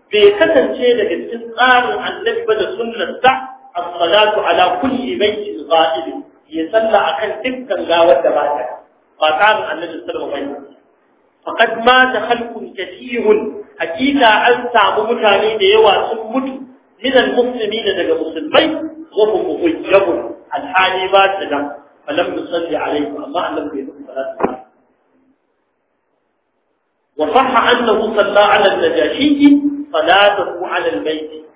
bai kasance daga cikin tsarin annabi ba da sunnarsa as-salatu ala kulli baitin qa'id ya salla akan dukkan gawar da ba ta ba tsarin annabi sallallahu alaihi wasallam faqad mata khalqun kathirun hakika an samu mutane da yawa sun mutu minan muslimina daga musulmai wa hum muhyabun alhali ba ta da falam nusalli alaihi amma annabi bai mutu salatu وصح أنه صلى على النجاشي صلاته على الميت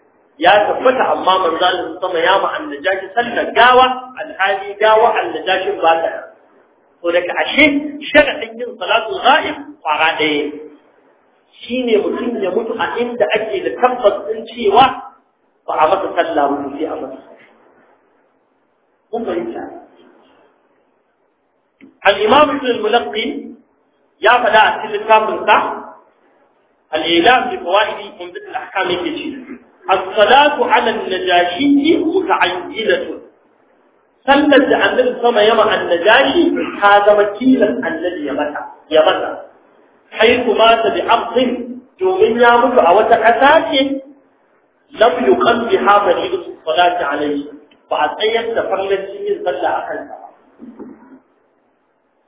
يا تفتى امام رضال المصطفى يا مع النجاشي سلم قاوة عن هذه قاوة عن النجاشي باتها ولك عشي شرح من صلاة الغائب وعادي شيني مكين يموت عند أجي لكفض انشي و وعمد سلم في أمد هم فهمت الإمام ابن الملقي يا فلا أسل الكامل صح الإعلام بفوائد من ذلك الأحكام يجيب الصلاة على النجاشي متعجلة سلت عن ذلك يرى النجاشي هذا وكيلا عن الذي يبتع يبتع حيث مات بعرض جومين يا مجع وتكساك لم يقم بهذا الجلس الصلاة عليه بعد أن يتفر للسيز بل أخذ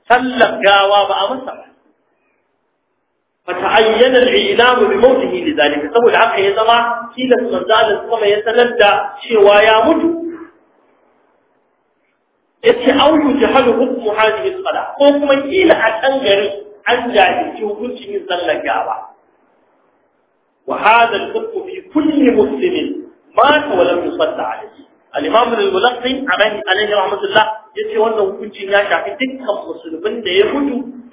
سلت جاواب أمسر ta'ayyana al-i'lam bi mawtihi lidhalika saboda haka ya zama kila manzalin kuma ya sanar da cewa ya mutu yace aw yujhalu hukmu hadhihi as-sala ko kuma kila a kan garin an jahilci hukuncin yin sallar gawa wa hadha al kulli muslimin mata wa lam yusalla alayhi al-imam al-mulaqi alayhi wannan hukuncin ya shafi dukkan musulmin da ya mutu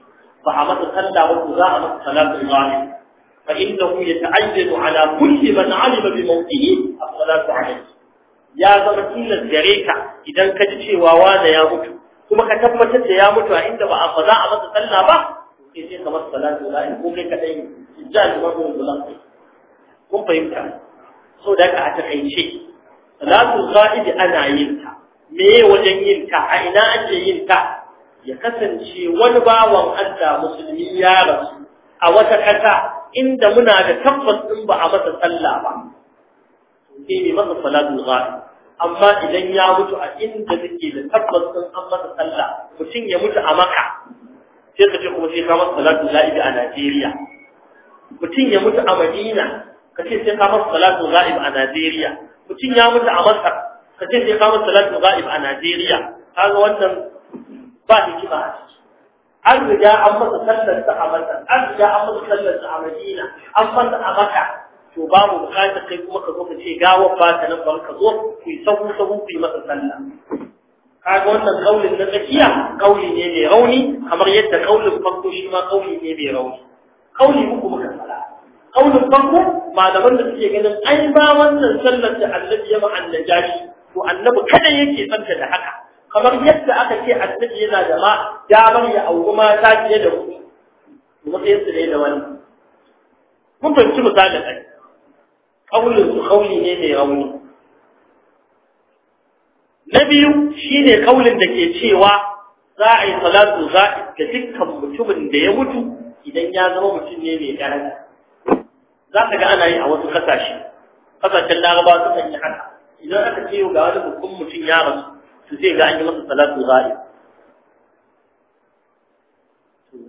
ba a masa sallah ba za a masa salatu ibrahim fa innahu yata'ayyadu ala kulli man alima bi mawtihi as-salatu alayhi ya zama tilas gare idan ka cewa wanda ya mutu kuma ka tabbatar da ya mutu a inda ba a fa a masa sallah ba sai sai kamar salatu ibrahim ko kai fahimta salatu ana yin ta me wajen yin ta a ina ake yin ta ya kasance wani bawan Allah musulmi ya rasu a wata kasa inda muna da tabbas din ba a masa sallah ba sai mai masa salatul ghaib amma idan ya mutu a inda take da tabbas din an masa sallah mutum ya mutu a Makka sai ka ce kuma sai ka masa salatul ghaib a Najeriya mutum ya mutu a Madina ka ce sai ka masa salatul ghaib a Najeriya mutum ya mutu a Masar ka ce sai ka masa salatul ghaib a Najeriya kaga wannan ba hikima a ciki an riga an masa sallar sa a masa an riga an masa sallar sa a madina an masa a maka to babu bukatar kai kuma ka zo ka ce gawa ba ta nan ban ka zo ku yi sahu sahu ku yi masa sallah kaga wannan kaulin na tsakiya kauli ne mai rauni kamar yadda kaulin farko shi ma kauli ne mai rauni kauli uku muka fara kaulin farko malaman da suke ganin ai ba wannan sallar da annabi ya ma annajashi to annabi kada yake tsanta da haka kamar yadda aka ce cikin yana da ma damar ya auku mata fiye da hudu kuma sai su da wani mun fahimci misalin ai kaulin su kauli ne mai rauni na biyu shine kaulin da ke cewa za a yi salatu za'i ga dukkan mutumin da ya mutu idan ya zama mutum ne mai karanta za ka ga ana yi a wasu kasashe kasashen laraba sukan yi haka idan aka ce ga wani babban mutum ya rasu to zai ga an yi masa salatu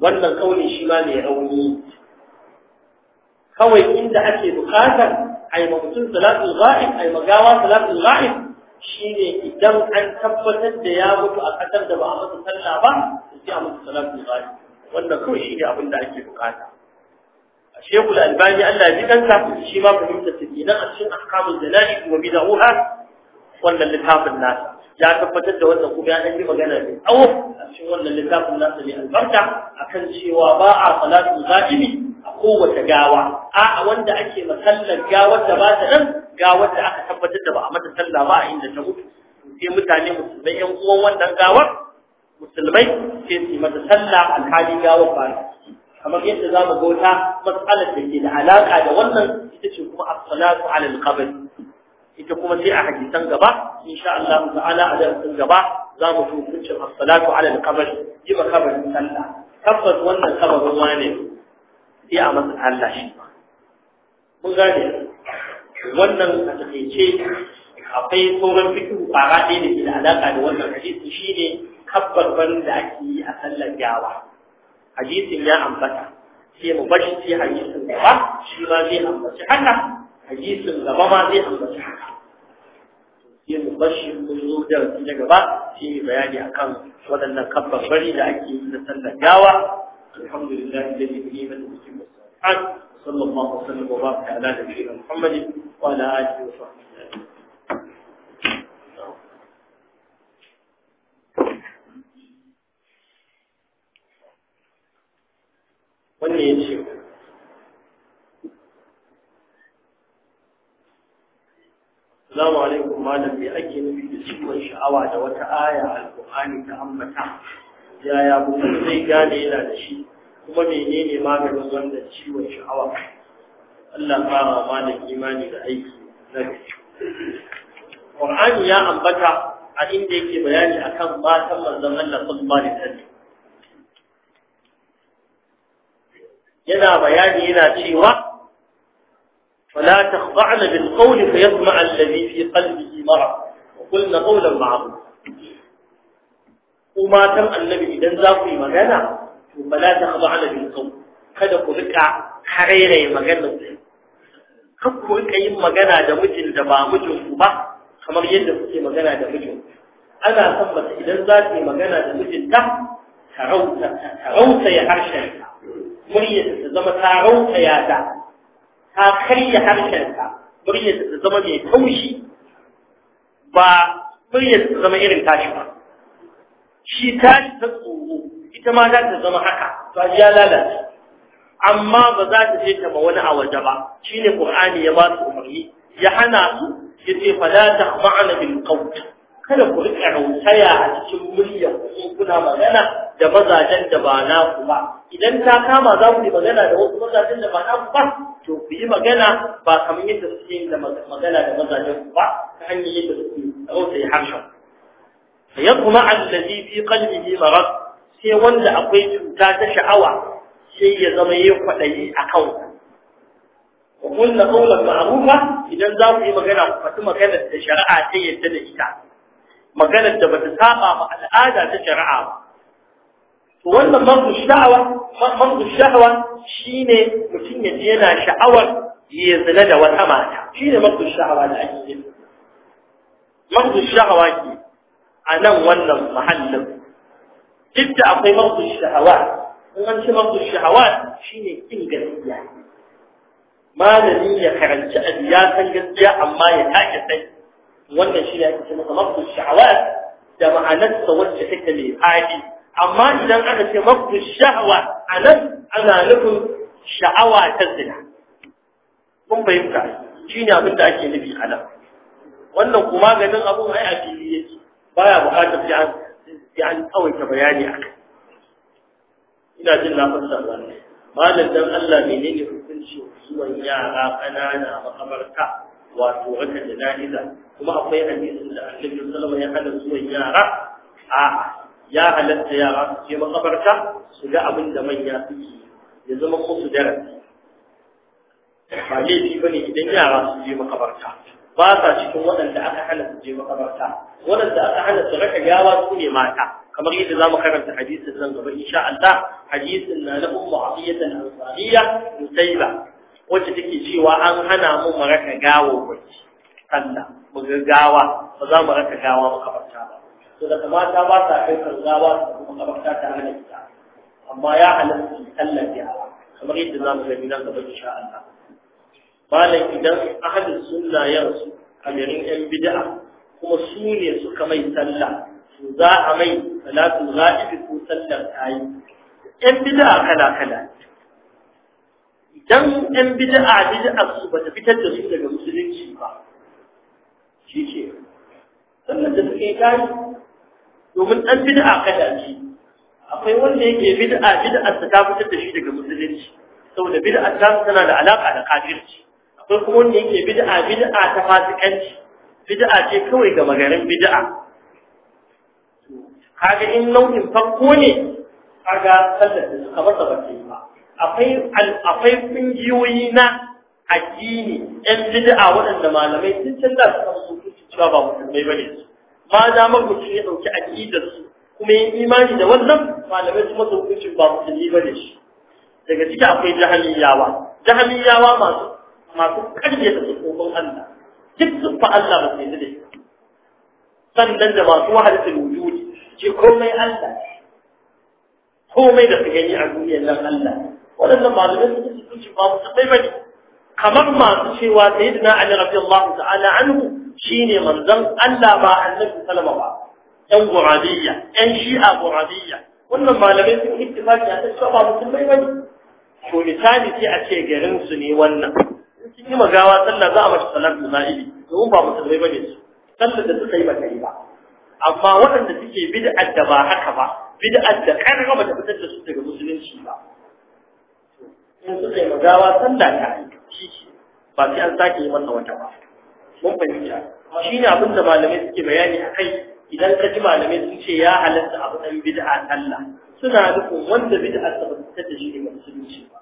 wannan kaulin shi ma mai rauni kawai inda ake bukatar ai ma mutum salatu ghaib ai magawa salatu shi ne idan an tabbatar da ya mutu a ƙasar da ba a masa sallah ba sai a masa salatu ghaib wannan kawai shine abin da ake bukata الشيخ الألباني ألا بكنسى شما فهمت السبيلة الشيخ أحكام الزنائك وبدعوها ura, wannan littafin nasa. ya tabbatar da wannan kuma ya dan yi magana ne awo a cikin wannan littafin nasa ne albarka akan cewa ba a salatu zalimi a kowace gawa a wanda ake masallar gawar da ba ta nan gawar da aka tabbatar da ba a mata sallah ba a inda ta mutu sai mutane musulmai yan uwan wannan gawar musulmai sai su mata sallah alhali gawar ba kamar yadda za mu ga wata matsalar da ke da alaka da wannan ita ce kuma as-salatu ala al-qabr ita kuma sai a hadisan gaba insha Allah ta'ala a darasin gaba za mu ji hukuncin as-salatu ala al-qabr yi ba kabarin sallah tabbas wannan kabarin wane sai a masa Allah shi mun gane wannan a takeice akwai sauran fikihu fara ɗaya da ke da alaƙa da wannan hadisi shine kabbarban da ake yi a sallar yawa. hadisin ya ambata sai mu bashi sai hadisin gaba shi ma zai ambaci haka hadisin gaba ma zai ambaci haka sai mu bashi mun zo da na gaba sai mu bayani akan waɗannan kabbar bari da ake yi na sallar gawa alhamdulillah da bi ni'mat muslimin sallallahu alaihi wa sallam wa baraka ala nabiyina muhammadin wa ala alihi wa sahbihi assalamu alaikum malam me ake nufi da ciwon sha'awa da wata aya alqur'ani ta ambata yaya mutum zai gane yana da shi kuma menene maganin wannan ciwon sha'awa Allah fara malam imani da aiki na Qur'ani ya ambata a inda yake bayani akan matan manzon Allah sallallahu alaihi wasallam yana bayani yana cewa فلا تخضعن بالقول فيطمع الذي في قلبه مرض وقلن قولا معروفا وما تم النبي اذا ذاك مغنى فلا تخضعن بالقول kada ku rika harere maganar ku kan ku rika yin magana da mijin da ba mijin ku ba kamar yadda kuke magana da mijin ana san mace idan za ta magana da mijinta ta rauta ya harshen muryarta ta zama ta rauta ya ta ta karya harshenka muryar ta zama mai taushi ba muryar ta zama irin tashi ba shi tashi ta tsoro ita ma za ta zama haka ba ya lalace amma ba za ta je ta ba wani a waje ba Shi shine qur'ani ya ba su umarni ya hana su yace ta ma'ana bil qawt kada ku riƙa rautaya a cikin muryar kuna magana da mazajen da ba na ku ba idan ta kama za ku yi magana da wasu mazajen da ba na ku ba to ku yi magana ba kamar yadda suke yin magana da mazajen ku ba ta hanyar yadda suke rautaya harshen ya kuma allazi fi qalbihi marad sai wanda akwai cuta ta sha'awa sai ya zama yayin kwadayi akan ku وقلنا قولا معروفا اذا ذاك magana ku fadi magana da shari'a ta yadda da ita maganar da bata saba ma al'ada ta shari'a ba to wannan manzu sha'awa manzu sha'awa shine mutum ya ji yana sha'awar ya zina da wata mata shine manzu sha'awa da ake yi manzu sha'awa ke a nan wannan mahallin duk da akwai manzu sha'awa in an ci manzu sha'awa shine kin gaskiya malami ya karanci abu ya san gaskiya amma ya take sai wannan shi ne ake ce masa mafdu shahawat da ma'anarsa wacce take mai fadi amma idan aka ce mafdu shahawa a nan ana nufin sha'awa ta zina kun fahimta shi ne abin da ake nufi a nan wannan kuma ganin abun ai a fili yake baya buƙatar sai an sai an tsawaita bayani a kai ina jin na fassara ba malam dan Allah menene hukunci zuwan yara ƙanana makamarta wato wannan jana'iza kuma akwai hadisin da annabi sallallahu alaihi wasallam ya hada zuwa yara a ya halatta yara su je makabarta su ga abin da manya suke ya zama musu darasi ba laifi bane idan yara su je makabarta ba sa cikin waɗanda aka hana su je makabarta waɗanda aka hana su raka gawa su ne mata kamar yadda zamu karanta hadisin nan gaba insha Allah hadisin na na ummu afiyatan ansariya musaiba wacce take cewa an hana mu mu raka gawo bacci sallah mu ga gawa ba za mu raka gawa makabarta ba to da kamata ba ta kai kan gawa kuma makabarta ta hana ita amma ya halatta sallah ya kamar yadda za mu gani nan gaba insha Allah malam idan ahadin sunna ya a kamarin yan bid'a kuma su ne suka mai sallah to za a mai salatul ghaib ko sallar tayi yan bid'a kala kala dan ɗan bid'a bid'a su ba ta fitar da su daga musulunci ba shi ce sannan da suke gani domin ɗan bid'a kada ce akwai wanda yake bid'a bid'a ta fitar da shi daga musulunci saboda bid'a ta tana da alaƙa da kafirci akwai kuma wanda yake bid'a bid'a ta fasikanci bid'a ce kawai ga magarin bid'a kaga in nau'in farko ne kaga sallar da suka masa ba akwai ƙungiyoyi na addini ‘yan bid'a waɗanda malamai sun canza su kan su kuci cewa ba musulmai ba ne su ma da mutum ya ɗauki aƙidar su kuma yin imani da wannan malamai su masu hukuncin ba musulmi ba ne shi daga ciki akwai jahaliyawa jahaliyawa masu masu su tsofaffin Allah duk sun fa Allah ba sai da sannan da masu wahalatul wujudi ce komai Allah komai da su gani a duniyar nan Allah waɗannan malamai sun yi hukunci ba su bai bane kamar masu cewa sayyidina ali radiyallahu ta'ala anhu shine manzan Allah ba annabi sallama ba yan gurabiyya yan shi'a gurabiyya wannan malamai sun yi ittifaqi a kan cewa ba musulmai bane to misali sai a ce garin su ne wannan sun yi magawa sallah za a mata salatu za'ili domin ba musulmai bane su sallar da suka yi ba ta yi ba amma waɗanda suke bid'ar da ba haka ba bid'ar da karrama da fitar da su daga musulunci ba in suka yi magawa sallah ta shi ba sai an sake yi masa wata ba mun fahimta shi ne abin da malamai suke bayani a kai idan ka ji malamai sun ce ya halatta abu ɗan bid'a Allah, suna nufin wanda bid'a ta ba ta da shi ne musulunci ba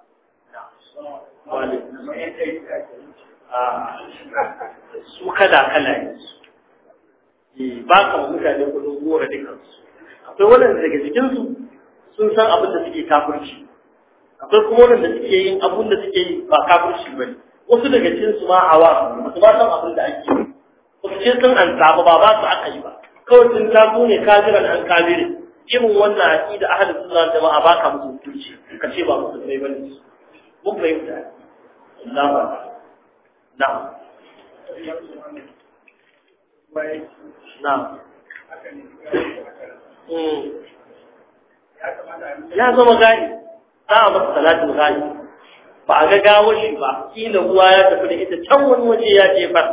su kada kala ne eh, ba ka mutane kudin gora dukansu akwai waɗanda daga cikinsu sun san abin da suke kafirci akwai kuma wanda suke yin abun da suke yi ba kafirci bane wasu daga cikin su ma hawa su ba san abin da ake wasu ce sun an saba ba ba su aka yi ba kawai sun taso ne kafiran an kafire irin wannan da ahlus sunna jama'a ba ka musu mutunci ka ce ba musulmai bane mun fahimta Allahu akbar na'am na hmm. ya zama gani za a masa talatin ghaib ba a ga gawar shi ba kila ruwa ya tafi da ita can wani waje ya jefar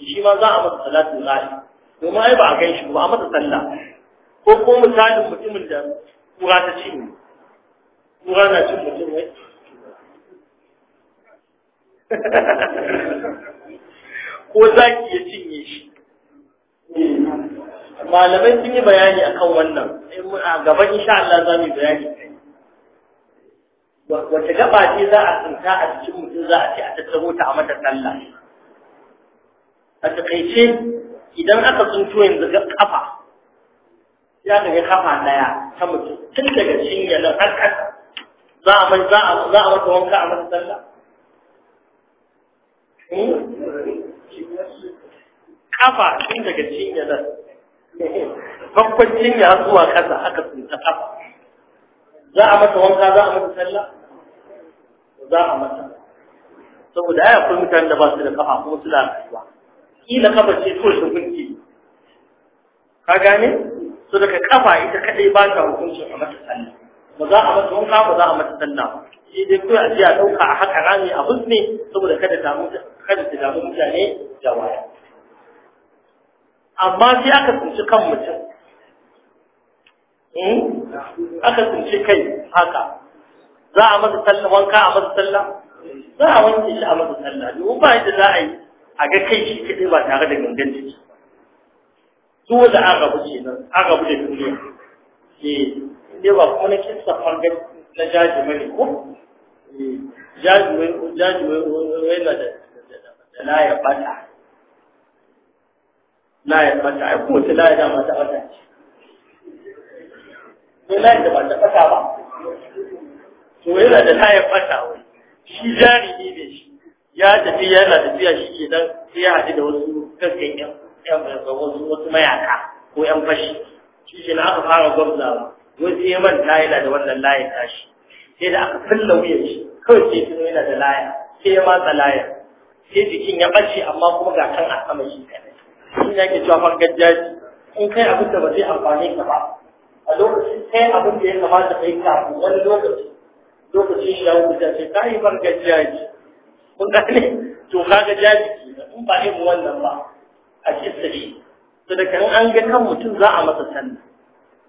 shi ma za a masa talatin ghaib domin ai ba a gan shi ba a masa sallah ko ko misalin mutumin da kura ta ci ne kura na cin mutum ne ko zaki ya cinye shi malamai sun yi bayani akan wannan a gaban insha Allah za mu yi bayani wace gaba ce za a tsinta a cikin mutum za a ce a tattaro ta a mata sallah a takaice idan aka tsinto yanzu ga kafa ya ga kafa daya ta mutum tun daga cinya nan har ƙasa za a mai za a za a mata wanka a mata sallah hmm? kafa tun daga cinya nan bakwai cinya zuwa ƙasa aka tsinta kafa za a mata wanka za a mata sallah za a mata saboda ai akwai mutanen da ba su da kafa kuma suna rayuwa kila kafa ce kawai ta gunki ka gane so daga kafa ita kadai ba ta hukuncin a mata sallah ba za a mata wanka ba za a mata sallah shi dai kawai a ce a dauka a haka rami a husne saboda kada ta kada ta damu mutane da waya amma sai aka tsinci kan mutum hmm? aka tsinci kai haka za a masa sallah wanka a masa sallah za a wanke shi a masa sallah domin ba yadda za a yi a ga kai shi kaɗai ba tare da gangan ciki su da aka rabu ce nan aka rabu da duniya ke eh, ne ba kuma na kisa fangar na jaji mai ko eh, jaji mai jaji mai na da na ya bata na ya bata ai kuma ta la ya ta bata ce ne la ya ba bata ba yana da tayin fata wai shi jari ne shi ya tafi yana tafiya shi ke sai ya haɗu da wasu kankan yan wasu wasu mayaka ko yan fashi shi ke na aka fara gwamzawa wasu ya manta yana da wannan layin tashi sai da aka falla wuyan shi kawai sai tuno yana da laya sai ya matsa laya sai jikin ya ɓace amma kuma ga kan a sama shi kadai shi ne ake cewa farkar jaji in kai abin da ba zai amfani ka ba a lokacin kai abin da ya kamata kai kafin wani lokaci lokacin shi ya wuce ta ce kai barka jaji kun gane to kaga jaji in ba ne wannan ba a kisri to da kan an ga kan mutum za a masa sanna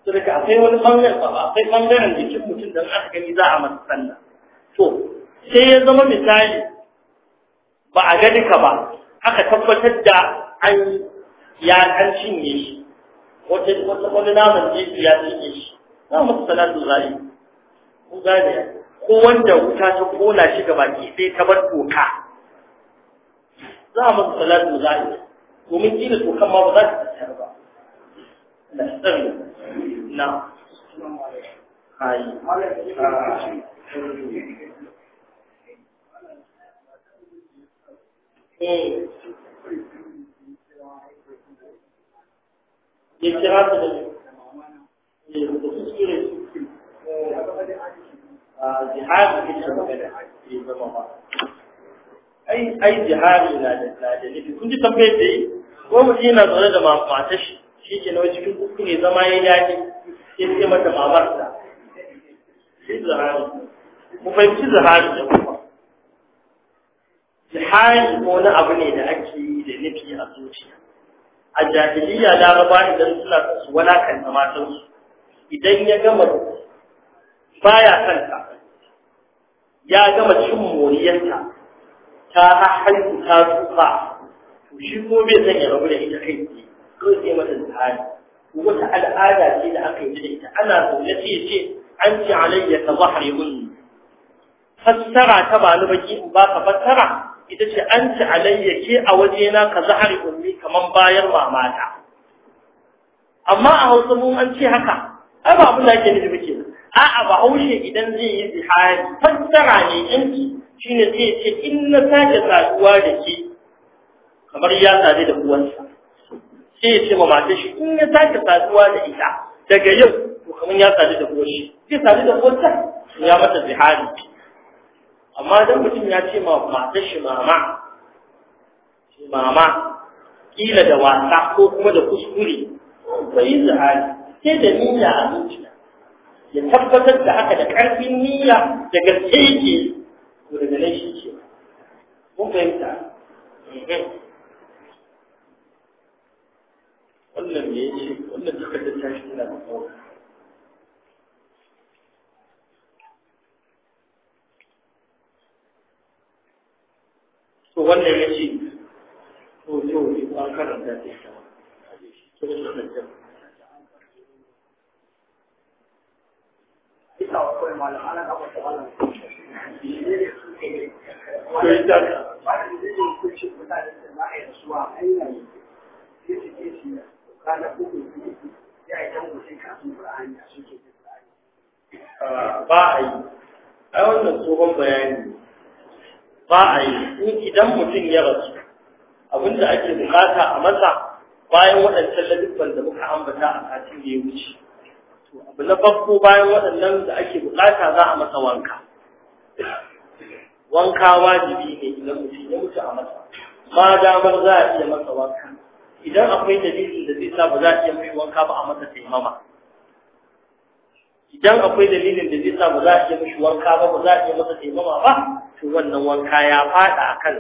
to da akwai wani bangare ba akwai bangaren jikin mutum da aka gani za a masa sanna to sai ya zama misali ba a ga duka ba aka tabbatar da an ya an cinye shi wata wani naman jeji ya cinye shi za mu salatu zai ku gane ko wanda wuta ta kona shi gaba ki sai ta bar toka za mu salatu zai domin kila kan ma ba za ta tsaya ba Na sirri na ai eh ya kira su da ne eh, da su jihadi ne magana ke zama ba ai jihari na da na da nufi kun ji tambayar da yi ko mutum yana zaune da matar shi shi ke nawa cikin uku ne zama ya daɗi ya ce mata mamarsa shi zahari mu fahimci zahari da kuma Jihari ko wani abu ne da ake yi da nufi a zuciya a jahiliya laraba idan suna su walakan su, idan ya gama baya kanka ya gama cin moriyarta ta haihu ta tsufa to shi ko bai san ya rabu da ita kai ne ko sai mata tsari wata al'ada ce da aka yi da ita ana zaune sai ce an ci alayya ta zahari fassara ta ba ni baki in ba ka fassara ita ce an ci alayya ke a wajena ka zahari ummi kaman bayar mamata amma a hausa mun an ce haka ai ba abin da ake nufi ba kenan a'a bahaushe idan zai yi zihari fassara ne yanki shine zai ce in na sake saduwa da ke kamar ya sadu da uwansa sai ya ce ma mata shi in ya sake saduwa da ita daga yau to kamar ya sadu da uwarshi zai sadu da uwarsa ya mata zihari amma dan mutum ya ce ma mata shi mama mama kila da wasa ko kuma da kuskure bai yi zihari sai da niyya a zuciya ya tabbatar da haka da ƙarfin niyya da gaske yake to daga nan shi ke mun fahimta wannan me yake wannan takardar ta shi tana da tsawo to wannan yace to to an karanta ta to to ba a yi rasuwa a yi wannan tsohon bayani ba a yi idan mutum ya rasu abinda ake bukata a masa bayan waɗancan lalifan da muka ambata a katin da ya wuce abu na farko bayan waɗannan da ake bukata za a masa wanka wanka wajibi ne idan mutum ya mutu a masa ma damar za a iya masa wanka idan akwai dalilin da zai sa ba za a iya mai wanka ba a masa taimama idan akwai dalilin da zai sa ba za a iya mishi wanka ba ba za a iya masa taimama ba to wannan wanka ya faɗa a kan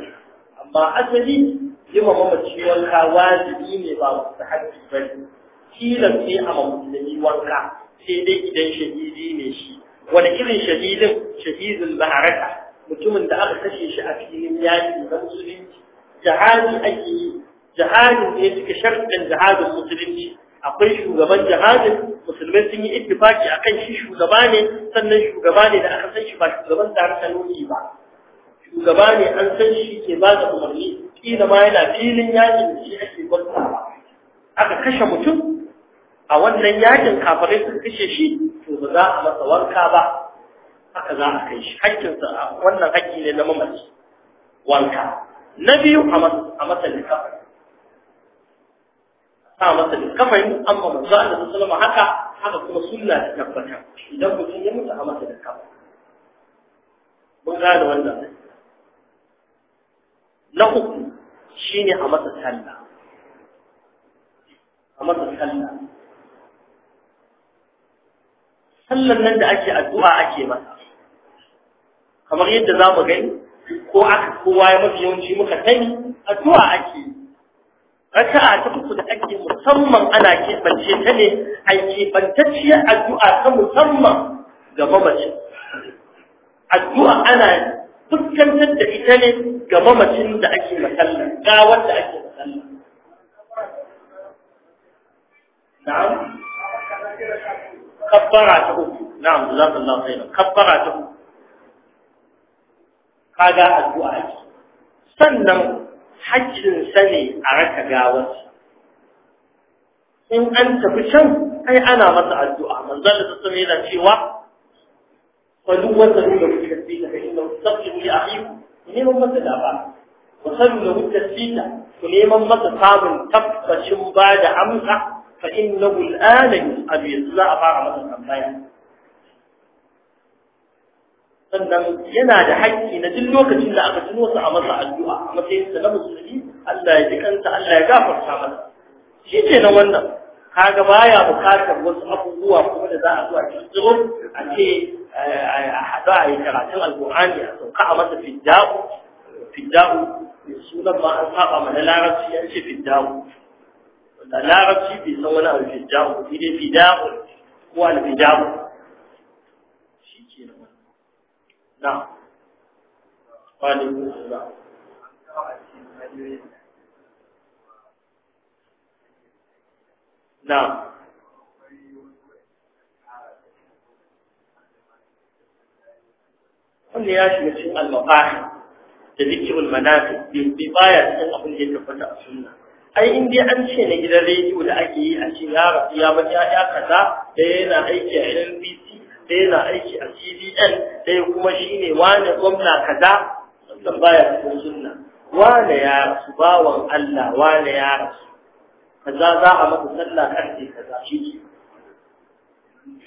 amma asali yi ma mamaci wanka wajibi ne ba mustahabbi ba ne tilas sai a musulmi wanka sai dai idan shahidi ne shi wani irin shahidin shahidin baharaka mutumin da aka kashe shi a filin yaƙi na musulunci jihadi ake yi jihadin ne suka sharɗin jihadin musulunci akwai shugaban jihadin musulmai sun yi ittifaki kan shi shugaba ne sannan shugaba ne da aka san shi ba shugaban da harka nuni ba shugaba ne an san shi ke ba da umarni kila ma yana filin yaƙin da shi ake gwamnati aka kashe mutum a wannan yakin kafare sun kashe shi to ba za a masa wanka ba haka za a kai shi hakkinsa wannan hakki ne na mamaci wanka na biyu a masa likafin a masa ba amma manzo Allah sallama haka haka kuma sunna ta tabbata idan mutum ya mutu a masa likafin mun gane wannan na uku shine a masa sallah a masa sallah sallan nan da ake addu'a ake ba, kamar yadda za mu gani ko aka kowa ya mafi yawanci muka sani addu'a ake raka'a ta uku da ake musamman ana keɓance ta ne a keɓantacciyar addu'a ta musamman ga mamacin addu'a ana fuskantar da ita ne ga mamacin da ake masallar, ga wanda ake masallar. na'am kabbara ta uku na'am jazakallahu khairan kabbara ta uku kaga addu'a ce sannan hajjin sa ne a raka gawarsa in an tafi can ai ana masa addu'a manzon da sassan yana cewa kwallo wanda ne da kuka tafi da kai sabbin tsakin ya ayi ku neman masa daba ku san da kuka tafi ku neman masa samun tabbacin ba da amsa فإنه الآن يسأل يسلا أفار مثلا tambaya. sannan yana da haƙƙi na duk lokacin da aka tuno a masa addu'a a matsayin sa na musulmi Allah ya ji kanta, Allah ya gafarta masa shi ce na wannan kaga baya bukatar wasu abubuwa kuma da za a zuwa kirkiro a ce eh, a haɗu a yi karatun alƙur'ani a sauka a masa fidda'u fidda'u sunan ma an saba ma na larabci an ce fidda'u larabci bai san wani abu fidda'u sai dai fidda'u ko al-fidda'u shi ke nan na musu ba. na wanda ya shiga cikin al-mafahi da zikirul manafi bai baya cikin abin da ya tabbata a sunna ai in dai an ce na gidan rediyo da ake yi a ce ya rabu ya bar ya kaza da yana aiki a NBC da yana aiki a CBN da kuma shine wane gwamna kaza wannan baya cikin sunna wane ya rasu bawan Allah wane ya rasu kaza za a masa sallah karfe kaza shi ne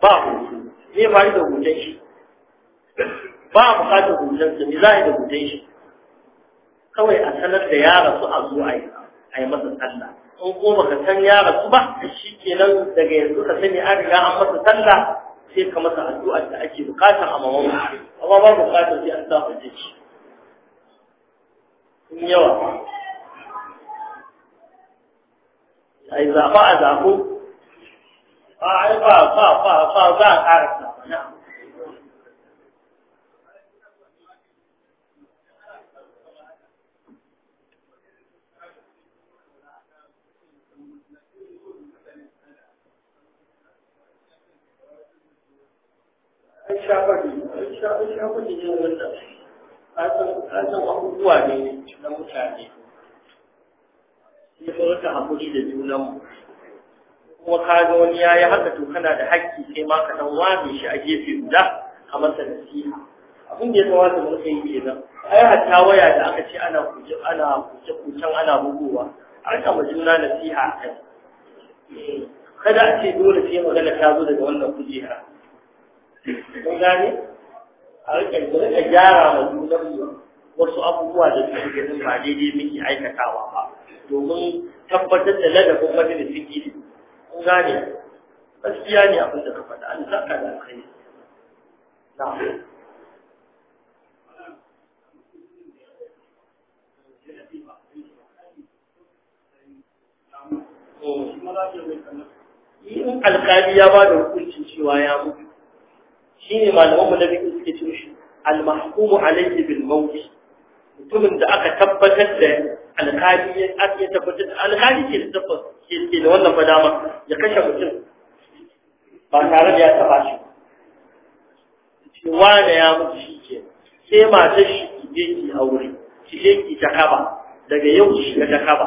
ba hutu ne ba da hutun shi ba a bukatar hutun sa ne za a yi da hutun shi kawai a sanar da ya rasu a zuwa a yi masa sallah in ko baka san ya rasu ba shi kenan daga yanzu ka sani an riga an masa sallah sai ka masa addu'a da ake bukata a mamman amma ba bukata sai an sa hujji in yawa a yi zaɓa a zaɓo ba a yi ba ba ba ba za a ƙara zaɓa na'am shafa ne an shafa da yin wannan kasan abubuwa ne na mutane sai da junanmu kuma ka ga wani ya yi haka to kana da hakki sai ma ka shi a gefe guda a masa nasiha abin da ya kamata mu rika ke nan. ai hatta waya da aka ce ana kuce ana kuce kucen ana bugowa an juna nasiha a kai kada a ce dole sai magana ta zo daga wannan kujera kun gane a rikin rika gyara wasu abubuwa da suke ganin ba daidai muke aikatawa ba domin tabbatar da ladabin majalisin ilimi kun gane gaskiya ne abin da ka faɗa an saka da kai oh, in alkali ya ba da hukuncin cewa ya mutu shine malaman mu na biyu suke ce shi al-mahkum alayhi bil maut mutumin da aka tabbatar da alƙali ya tabbatar da alƙali ke da tabbas ke ke da wannan fadama ya kashe mutum ba tare da ya taba shi ce wane ya mutu shi ke sai matar shi ki je ki aure ki je ki ta kaba daga yau ki shiga ta kaba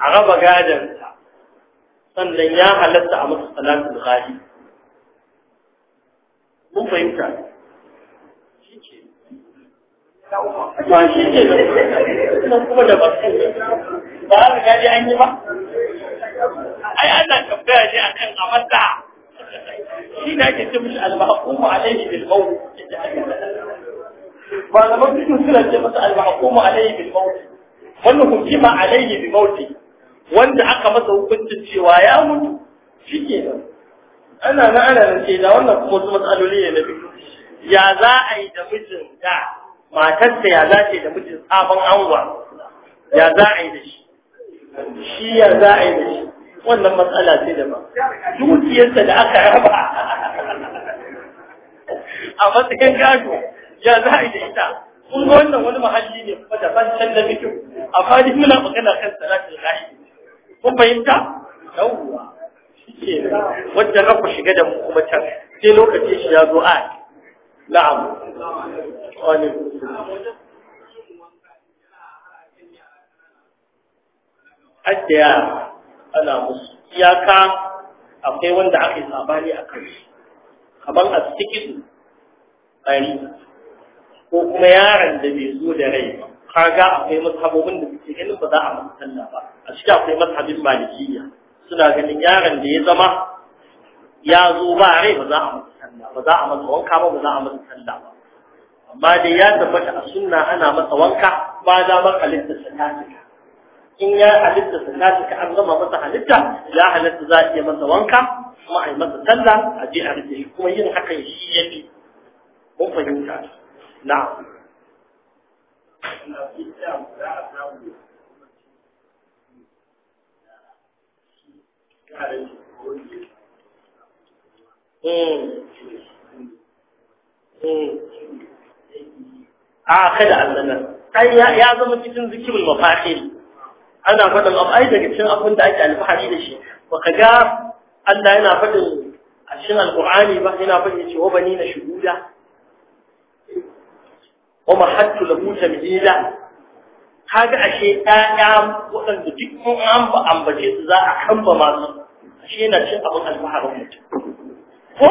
a raba gadon sannan ya halatta a masa salatul ghaib fahimta to an shi ne nan kuma da ba ba a riga dai an yi ba ai ana tambaya ne akan amanta shi na ake ce mishi al-mahqumu alayhi Ba maut malaman cikin suna ce musu al alaihi alayhi bil maut wannan hukuma alayhi bil wanda aka masa hukuncin cewa ya mutu ana na da ce da wannan kuma wasu matsaloli ne na biyu. ya za a yi da mijin da matarsa ya za yi da mijin sabon angon ya za a yi da shi shi ya za a yi da shi wannan matsala ce da ba dukiyarsa da aka raba a matsayin gado ya za a yi da ita kun ga wannan wani mahalli ne kuma da fancan da mijin a fadin muna magana kan salatin ghaib kun fahimta yawwa wadda za ku shiga da mu kuma can sai lokaci shi ya zo a na'am wani adda ana musu iyaka akwai wanda aka yi labari a kan shi kamar a cikin ɗari ko kuma yaron da bai zo da rai ba ga akwai mazhabobin da suke ganin ba za a masu ba a cikin akwai mazhabin malikiyya suna ganin yaron da ya zama ya zo ba rai ba za a masa sallah ba za a masa wanka ba ba za a masa sallah ba amma dai ya tabbata a sunna ana masa wanka ba za maka halitta sakatika in ya halitta sakatika an gama masa halitta ya halitta za a iya masa wanka kuma a yi masa sallah a je a rike shi kuma yin hakan shi ya ke, mun fahimta na'am a kada annanar ai ya zama cikin zikirin mafahil ana faɗin abu ai daga cikin abin da ake alfahari da shi ba ka ga Allah yana faɗin a cikin alƙur'ani ba yana faɗin cewa bani na shuhuda wa mahattu lahu tamhila kaga ashe ɗaya waɗanda duk mun an ba ambace su za a kamba masu shi yana cin abin alfaharin mutum ko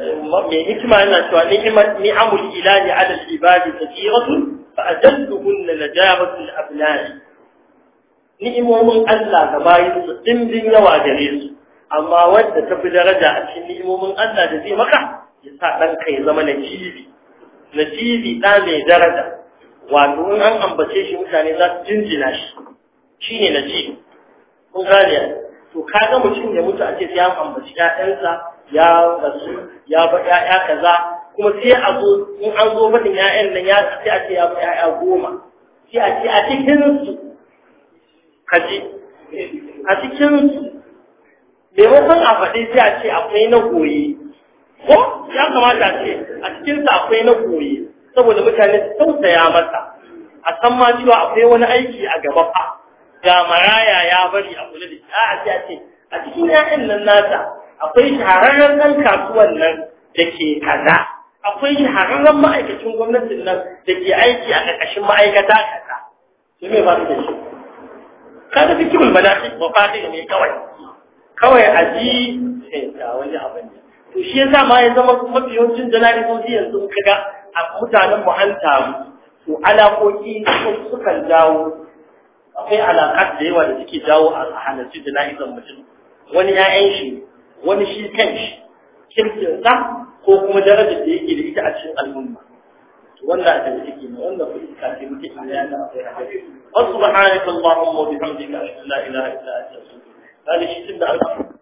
eh, mai hikima yana cewa ni'mat ni'amul ilahi ala al-ibadi kathiratun fa ajalluhunna najaratul abnai ni'imomin Allah ga bayin su dimbin yawa gare su amma wanda ta fi daraja a cikin ni'imomin Allah da zai maka ya sa dan kai zama na jibi na jibi ɗa mai daraja wato in an ambace shi mutane za su jinjina shi shine na jibi kun gane to kaga mutum ya mutu a ce ya ambaci ƴaƴansa ya rasu ya ba ƴaƴa kaza kuma sai a zo in an zo faɗin ƴaƴan nan ya sai a ce ya ba ƴaƴa goma sai a ce a cikin su kaji a cikin su maimakon a faɗi sai a ce akwai na goye ko ya kamata a ce a cikin sa akwai na goye saboda mutane su tausaya masa a san ma cewa akwai wani aiki a gaba fa ga maraya ya bari a kula da shi a ce a ce a cikin ya'yan nan nasa akwai shahararren nan kasuwan nan da ke kaza akwai shahararren ma'aikacin gwamnatin nan da ke aiki a ƙarƙashin ma'aikata kaza su me ba su da shi kada fi kibul madafi ba da ne kawai kawai a ji eh, ga wani abin ne to shi yasa ma ya zama mafi yawancin jana'izoji yanzu kaga a mutanen mu an taru to alaƙoƙi sukan dawo akwai alaƙar da yawa da suke jawo a halarci jana'izar mutum wani ya'yan shi wani shi kan shi kirkinsa ko kuma darajar da yake da ita a cikin al'umma wannan a tafi ke na wannan kuɗi ka ce muke a yana akwai hafi wasu ba hannun allahumma wa bihamdika ashhadu an la ilaha illa anta astaghfiruka wa atubu ilayk